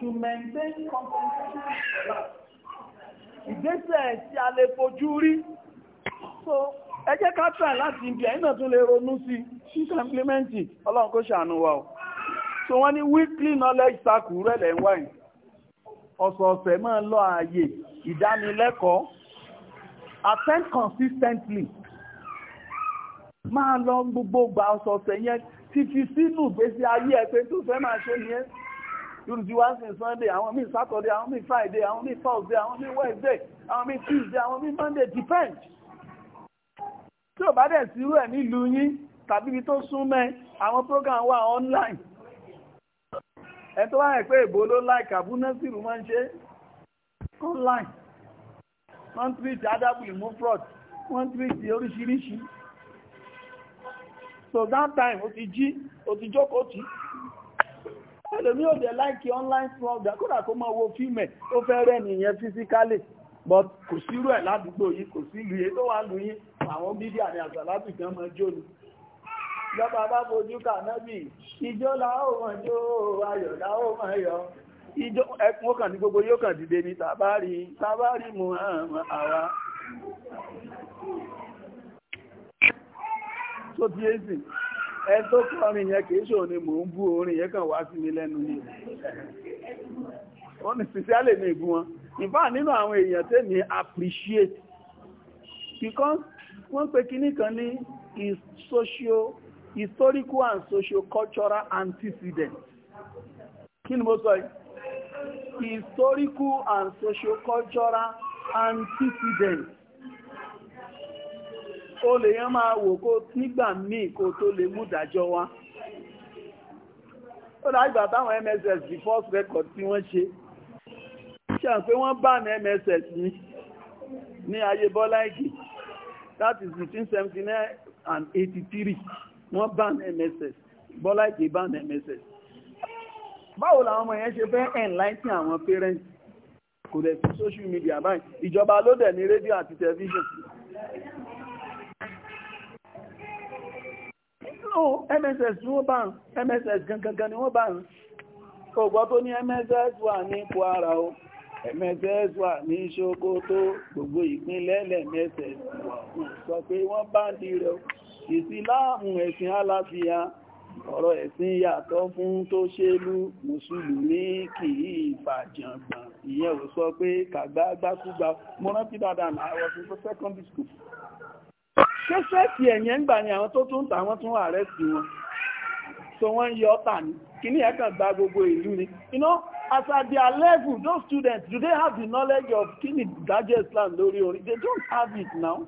to maintain compensation ìgbésẹ̀ tí a lè fojú rí so ẹ jẹ́ ká try láti ibi ẹ̀yìn náà tún lè ronú sí sí kọ́ńplimẹ́ǹtì ọlọ́run kó ṣàánú wa o so wọ́n ní weekly knowledge circle rẹ̀ lẹ́ ń wáyìn ọ̀sọ̀ọ̀sẹ̀ máa lọ ààyè ìdánilẹ́kọ̀ọ́ attend consistently máa lọ gbogbo gbà ọ̀sọ̀ọ̀sẹ̀ yẹn títí sínú ìgbésí ayé ẹ pé tó fẹ́ máa ṣe nìyẹn yorùbá wá sí sunday àwọn míì saturday àwọn míì friday àwọn míì thursday àwọn míì wednesday àwọn míì tuesday àwọn míì monday depend tí ò bá dẹ̀ sí irú ẹ̀ nílùú yín tàbí ibi tó súnmẹ́ àwọn program wà online ẹ tó wáyé pé èbó ló láìka abúnásìrù máa ń ṣe online wọ́n tíríìtì adábùlì mú fraud wọ́n tíríìtì oríṣiríṣi so that time ó ti jí ó ti jókòó tì ẹlòmí ò dẹ̀ láìkí online fraud kódà kó máa wo fíìmù ẹ̀ ó fẹ́ rẹ̀ nìyẹn physically but kò sírú ẹ̀ ládùúgbò yìí kò sí ìlú yìí tó wà lù àwọn bíbí àmì àsàlátù kan mọ́ jó ni lọ́pàá bá fojú kà náàbì ìjọ láó mọ̀ jó ayọ̀ láó mọ̀ yọ ìjọ ẹkùn ókàn ní gbogbo yóò kàn dìde ní tàbárí tàbárí mú àwa tó tí èsì ẹ tó kọrin yẹn kìí ṣò ni mò ń bú orin yẹn kàn wá sí mi lẹ́nu ni wọ́n ni sincerely ní ìbú wọn ìfà nínú àwọn èèyàn tẹ́ ní appreciate because wọ́n pè kíní kan ní socio historical and sociocultural cultural antecedent kí ni mo sọ yìí historical and sociocultural cultural antecedent ó lè yán máa wò kó nígbà míì kó tó lè mú ìdájọ́ wá ó dájú bàbá MSS the first record tí wọ́n ṣe ṣe àpé wọ́n bá ní MSS ní ayé Bọ́lá Ìgè that is between seventy nine and eighty three wọ́n ban mss bọ́lá ìgbé ban mss báwo làwọn ọmọ yẹn ṣe fẹ́ enlighten àwọn parents kò dẹ̀ sí social media báyìí ìjọba ló dẹ̀ ní rédíò àti tẹlifíṣàn. no mss ni wọ́n bá ń mss gangan ni wọ́n bá ń kò gbọ́ tó ní mss wà ní ipò ara o ẹ̀mẹ́sẹ̀ẹ́sùà ní ṣókótó gbogbo ìpínlẹ̀ lẹ́mẹ́sẹ̀ sọ pé wọ́n bá ń di rẹ̀ ìsìláàmù ẹ̀sìn aláfíà ọ̀rọ̀ ẹ̀sìn yàtọ̀ fún tó ṣèlú mùsùlùmí kì í ìfàjàngbọ̀n ìyẹn ò sọ pé kàgbágbákúgbà mo rántí náà àwọn tó secondary school ṣẹ́ṣẹ́ ẹ̀yẹ́ ń gbà ní àwọn tó tún tà wọ́n tún àrẹ́sì wọn so wọ́n ń yọ ọ́tà ní kíní ẹ̀ kàn gba gbogbo ìlú ni you know as at their level those students do they have the knowledge of kíní ìdájọ́ Islam lórí orin they don't have it now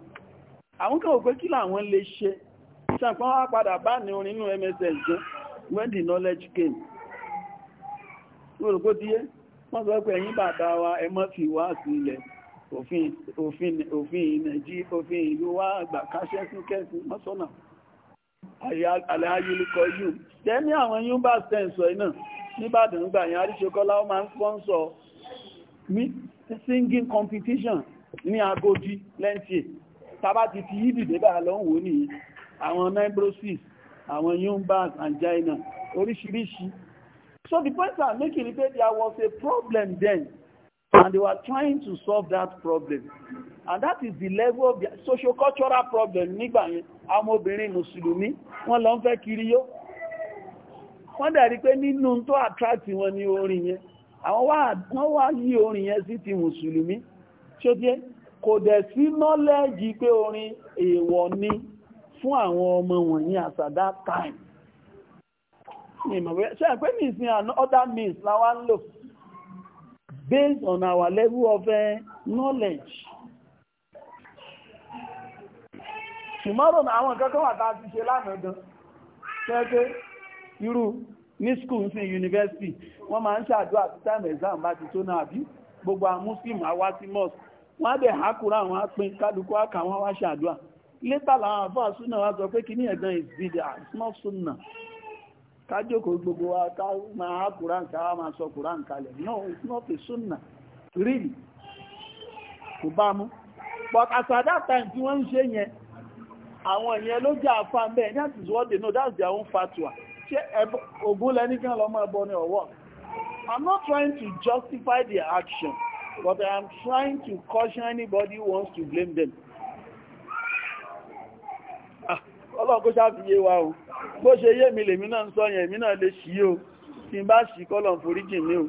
àwọn kan ò pé kí làwọn lè ṣe ṣàpọ́n wá padà bá ní orin inú MSS jẹ́ when the knowledge came lórúkó díẹ̀ wọ́n sọ pé ẹ̀yin bàbá wa ẹ má fi wá sí ilẹ̀ òfin òfin òfin ìlú wa àgbà káṣẹ́ sí kẹ́sì mọ́sọ́nà aláyílùkọ yìí jẹ́ ní àwọn yíò bá sẹ́ǹsọ̀ iná níbàdàn nígbà yẹn àríṣekọ́lá ó máa ń sponsor singing competition ní Agodi lẹ́ntì tàbá ti ti yìí dìde bá lọ́wọ́ ní àwọn fibrosis àwọn yíò bá angina oríṣiríṣi So the point I'm making is that there was a problem then, and they were trying to solve that problem. And that is the level of the socio-cultural problem nígbà yẹn. ọmọbìnrin mùsùlùmí wọ́n lọ ń fẹ́ kiri yó wọ́n dẹ̀ pé nínú tó àtráàtì wọn ni orin yẹn àwọn wọ́n wá yí orin yẹn sí ti mùsùlùmí ṣó kò dẹ̀ sí nọ́lẹ́jì pé orin èèwọ̀ ni fún àwọn ọmọ wọ̀nyí àṣà that time ṣe pé ní ìsìn and means la wá ń based on our level of uh, knowledge tomorrow na àwọn nǹkan wà ti ṣe lánàá gan irú ní school sí university wọ́n máa ń time exam bá ti tó náà gbogbo àwọn muslim àwa sí mosque wọ́n bẹ̀ hákùrá àwọn apin kálukú àkà wọ́n wá ṣàdúrà létà làwọn àfáà sọ gbogbo but as at that time àwọn ìyẹn ló jẹ́ àfá mẹ́ that is what they know that's their own fatwa ṣé ògún lẹ́nìkan lọ́mọ ẹbọ ni ọ̀wọ́ I'm not trying to justify their action but I am trying to caution anybody who wants to blame them ah, ọlọ́run kó ṣáàfi yé wa o bó ṣe yé mi lèmi náà ń sọ yẹn èmi náà lè ṣí o tí n bá ṣí kọ́lọ̀ foríjì mi o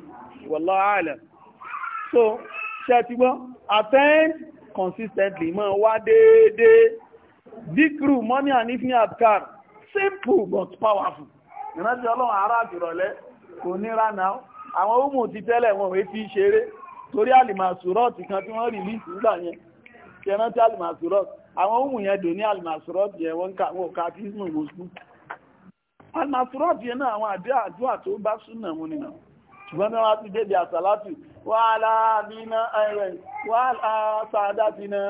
wallahu a'lam so ṣe ti gbọ́ attend consistently mọ́ wá déédéé díkùrù mọ́ní ànífín àbkar simple but powerful ìrántí ọlọ́run ará àjùrọ̀lẹ́ kò níra náà àwọn ohun ti tẹ́lẹ̀ wọn wé fi ṣeré torí alìmàsùrọ̀tì kan tí wọ́n rìlíìsì nígbà yẹn ṣe rántí alìmàsùrọ̀tì àwọn ohun yẹn dò ní alìmàsùrọ̀tì yẹn wọ́n kà wọ́n kà tí ìsìn ìwòsùn alìmàsùrọ̀tì yẹn náà àwọn àdé àdúrà tó bá súnà mú nìyàn ṣùgbọ́n náà ti débi àsàlátì wàhálà àbínà àìrẹ̀ wàhálà sàádàtìnà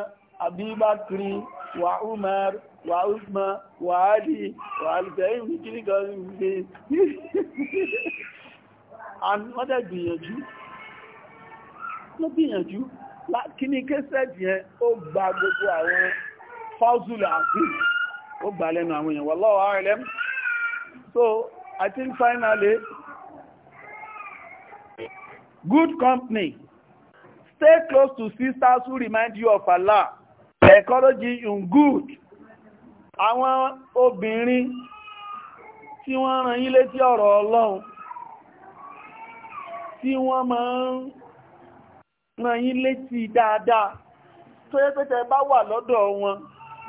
àbíbákiri wà umar wà usman wà ali wà alìfẹ́yìn wíkiri kan gbé wọ́n dẹ̀ gbìyànjú wọ́n gbìyànjú kí ní kéṣẹ́jì yẹn ó gba gbogbo àwọn fọ́zùlù àti ó gbà lẹ́nu àwọn èèyàn wallahu a'lam so i think finally good company stay close to sisters who remind you of Allah ecology in good àwọn obìnrin tí wọ́n rán yín létí ọ̀rọ̀ ọlọ́run tí wọ́n máa ń rán yín létí dáadáa tó yẹ pé bá wà lọ́dọ̀ wọn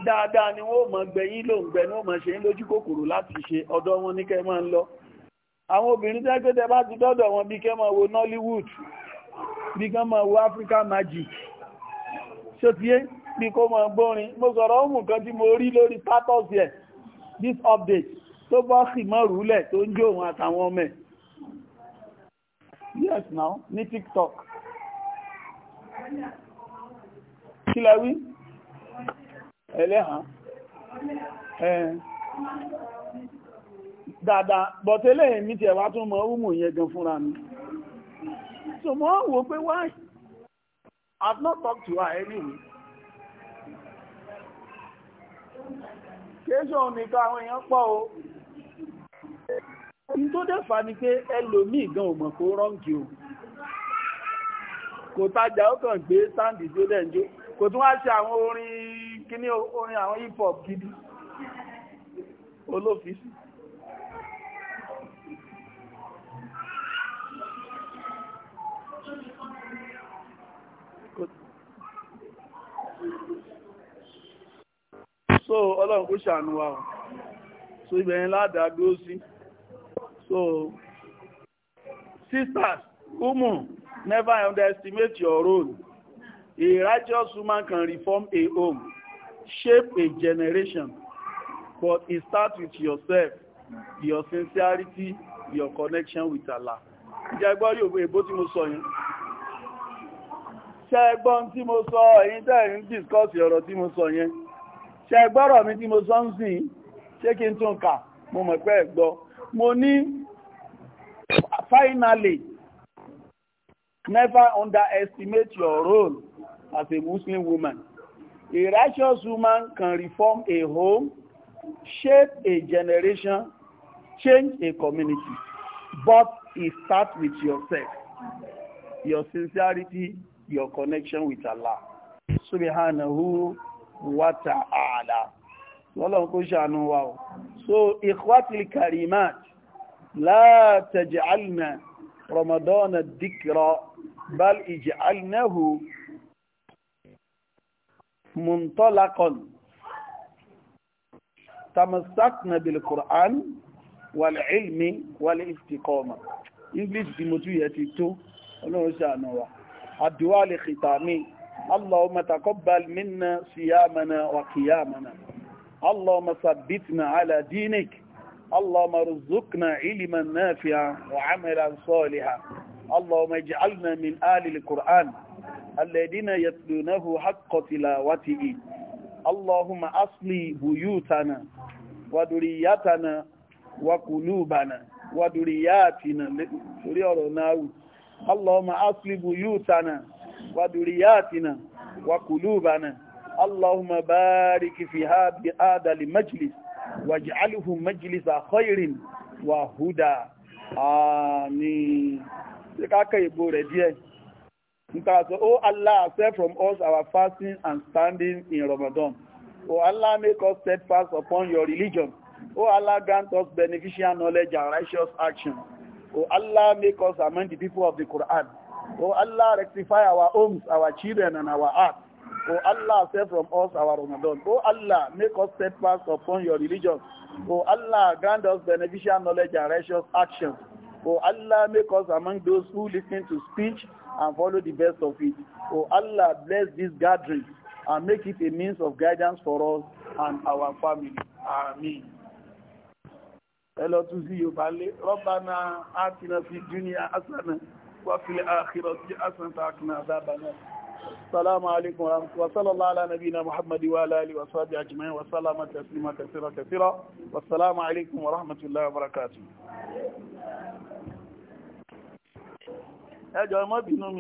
dáadáa ni wọ́n mọ̀ gbẹ̀yìn ló ń gbẹ̀ ní wọ́n mọ̀ ṣe ń lójú kòkòrò láti ṣe ọ̀dọ̀ wọn ní kẹ́ máa ń lọ àwọn obìnrin tẹ́ pé bá ti dọ́dọ̀ wọn bí kẹ́ máa wo Nollywood bí kẹ́ máa wo Africa Magic ṣó ti yé bí kó mọ̀ gbórin mo sọ̀rọ̀ ọmọ kan tí mo rí lórí status yẹ this update tó bọ́ sì mọ́ rúlẹ̀ tó ń jó òun àtàwọn ọmọ ẹ̀ yes now ní tiktok kí lẹ wí ẹlẹ́hàn ẹ̀ dáadáa bọ̀tẹ́lẹ̀ èmi tí ẹ̀wà tún mọ̀ ọmọ yẹn gan fúnra mi so mọ́ wò pé why I've not talked to her anyway kéṣọ́ nìkan àwọn èèyàn pọ̀ o ní tó fa ni pé ẹlòmíì gan ò mọ̀ kó rọ́ǹkì o kò tajà ó kàn gbé sáǹdì tó dẹ̀ ń jó kò tún wá ṣe àwọn orin kíní orin àwọn hip hop gidi olófíìsì so ọlọ́run kó ṣàánú wa so ibẹ̀yìn ládàá dúró sí so sisters umu never underestimate your role a righteous woman can reform a home shape a generation but it e starts with yourself your sincerity your connection with Allah ǹjẹ́ gbọ́ yóò èbó tí mo sọ yẹn ṣé gbọ́n tí mo sọ èyí tẹ́ ń discuss ọ̀rọ̀ tí mo sọ yẹn ṣe gbọ́rọ̀ mi tí mo sọ ń sìn ṣé kí n tún kà mo mọ̀ pé ẹ̀gbọ́ mo ní finally never underestimate your role as a Muslim woman a righteous woman can reform a home shape a generation change a community but it e starts with yourself your sincerity your connection with Allah subhanahu وتعالى والله كشان واو سو إخوات الكريمات لا تجعلنا رمضان الذكرى بل اجعلناه منطلقا تمسكنا بالقران والعلم والاستقامه انجلش بموتو ياتي تو الله واو الدوال الختامي اللهم تقبل منا صيامنا وقيامنا اللهم ثبتنا على دينك اللهم ارزقنا علما نافعا وعملا صالحا اللهم اجعلنا من آل القرآن الذين يتلونه حق تلاوته اللهم أصلي بيوتنا ودرياتنا وقلوبنا ودرياتنا، اللهم أصلي بيوتنا وذرياتنا وقلوبنا اللهم بارك في هذا المجلس واجعله مجلس خير وهدى آمين Oh Allah, save from us our fasting and standing in Ramadan. Oh Allah, make us steadfast upon your religion. Oh Allah, grant us beneficial knowledge and righteous action. Oh Allah, make us among the people of the Quran. Oh Allah, rectify our homes, our children, and our hearts. Oh Allah, save from us our Ramadan. Oh Allah, make us steadfast upon your religion. Oh Allah, grant us beneficial knowledge and righteous actions. Oh Allah, make us among those who listen to speech and follow the best of it. Oh Allah, bless this gathering and make it a means of guidance for us and our family. Amen. Hello to see you, Bali. Rabbana, atina fi dunya asana. وفي الآخرة حسنة وقنا عذاب النار السلام عليكم وصلى الله على نبينا محمد وعلى آله وصحبه أجمعين وسلم تسليما كثيرا كثيرا والسلام عليكم ورحمة الله وبركاته. أجمع بنومي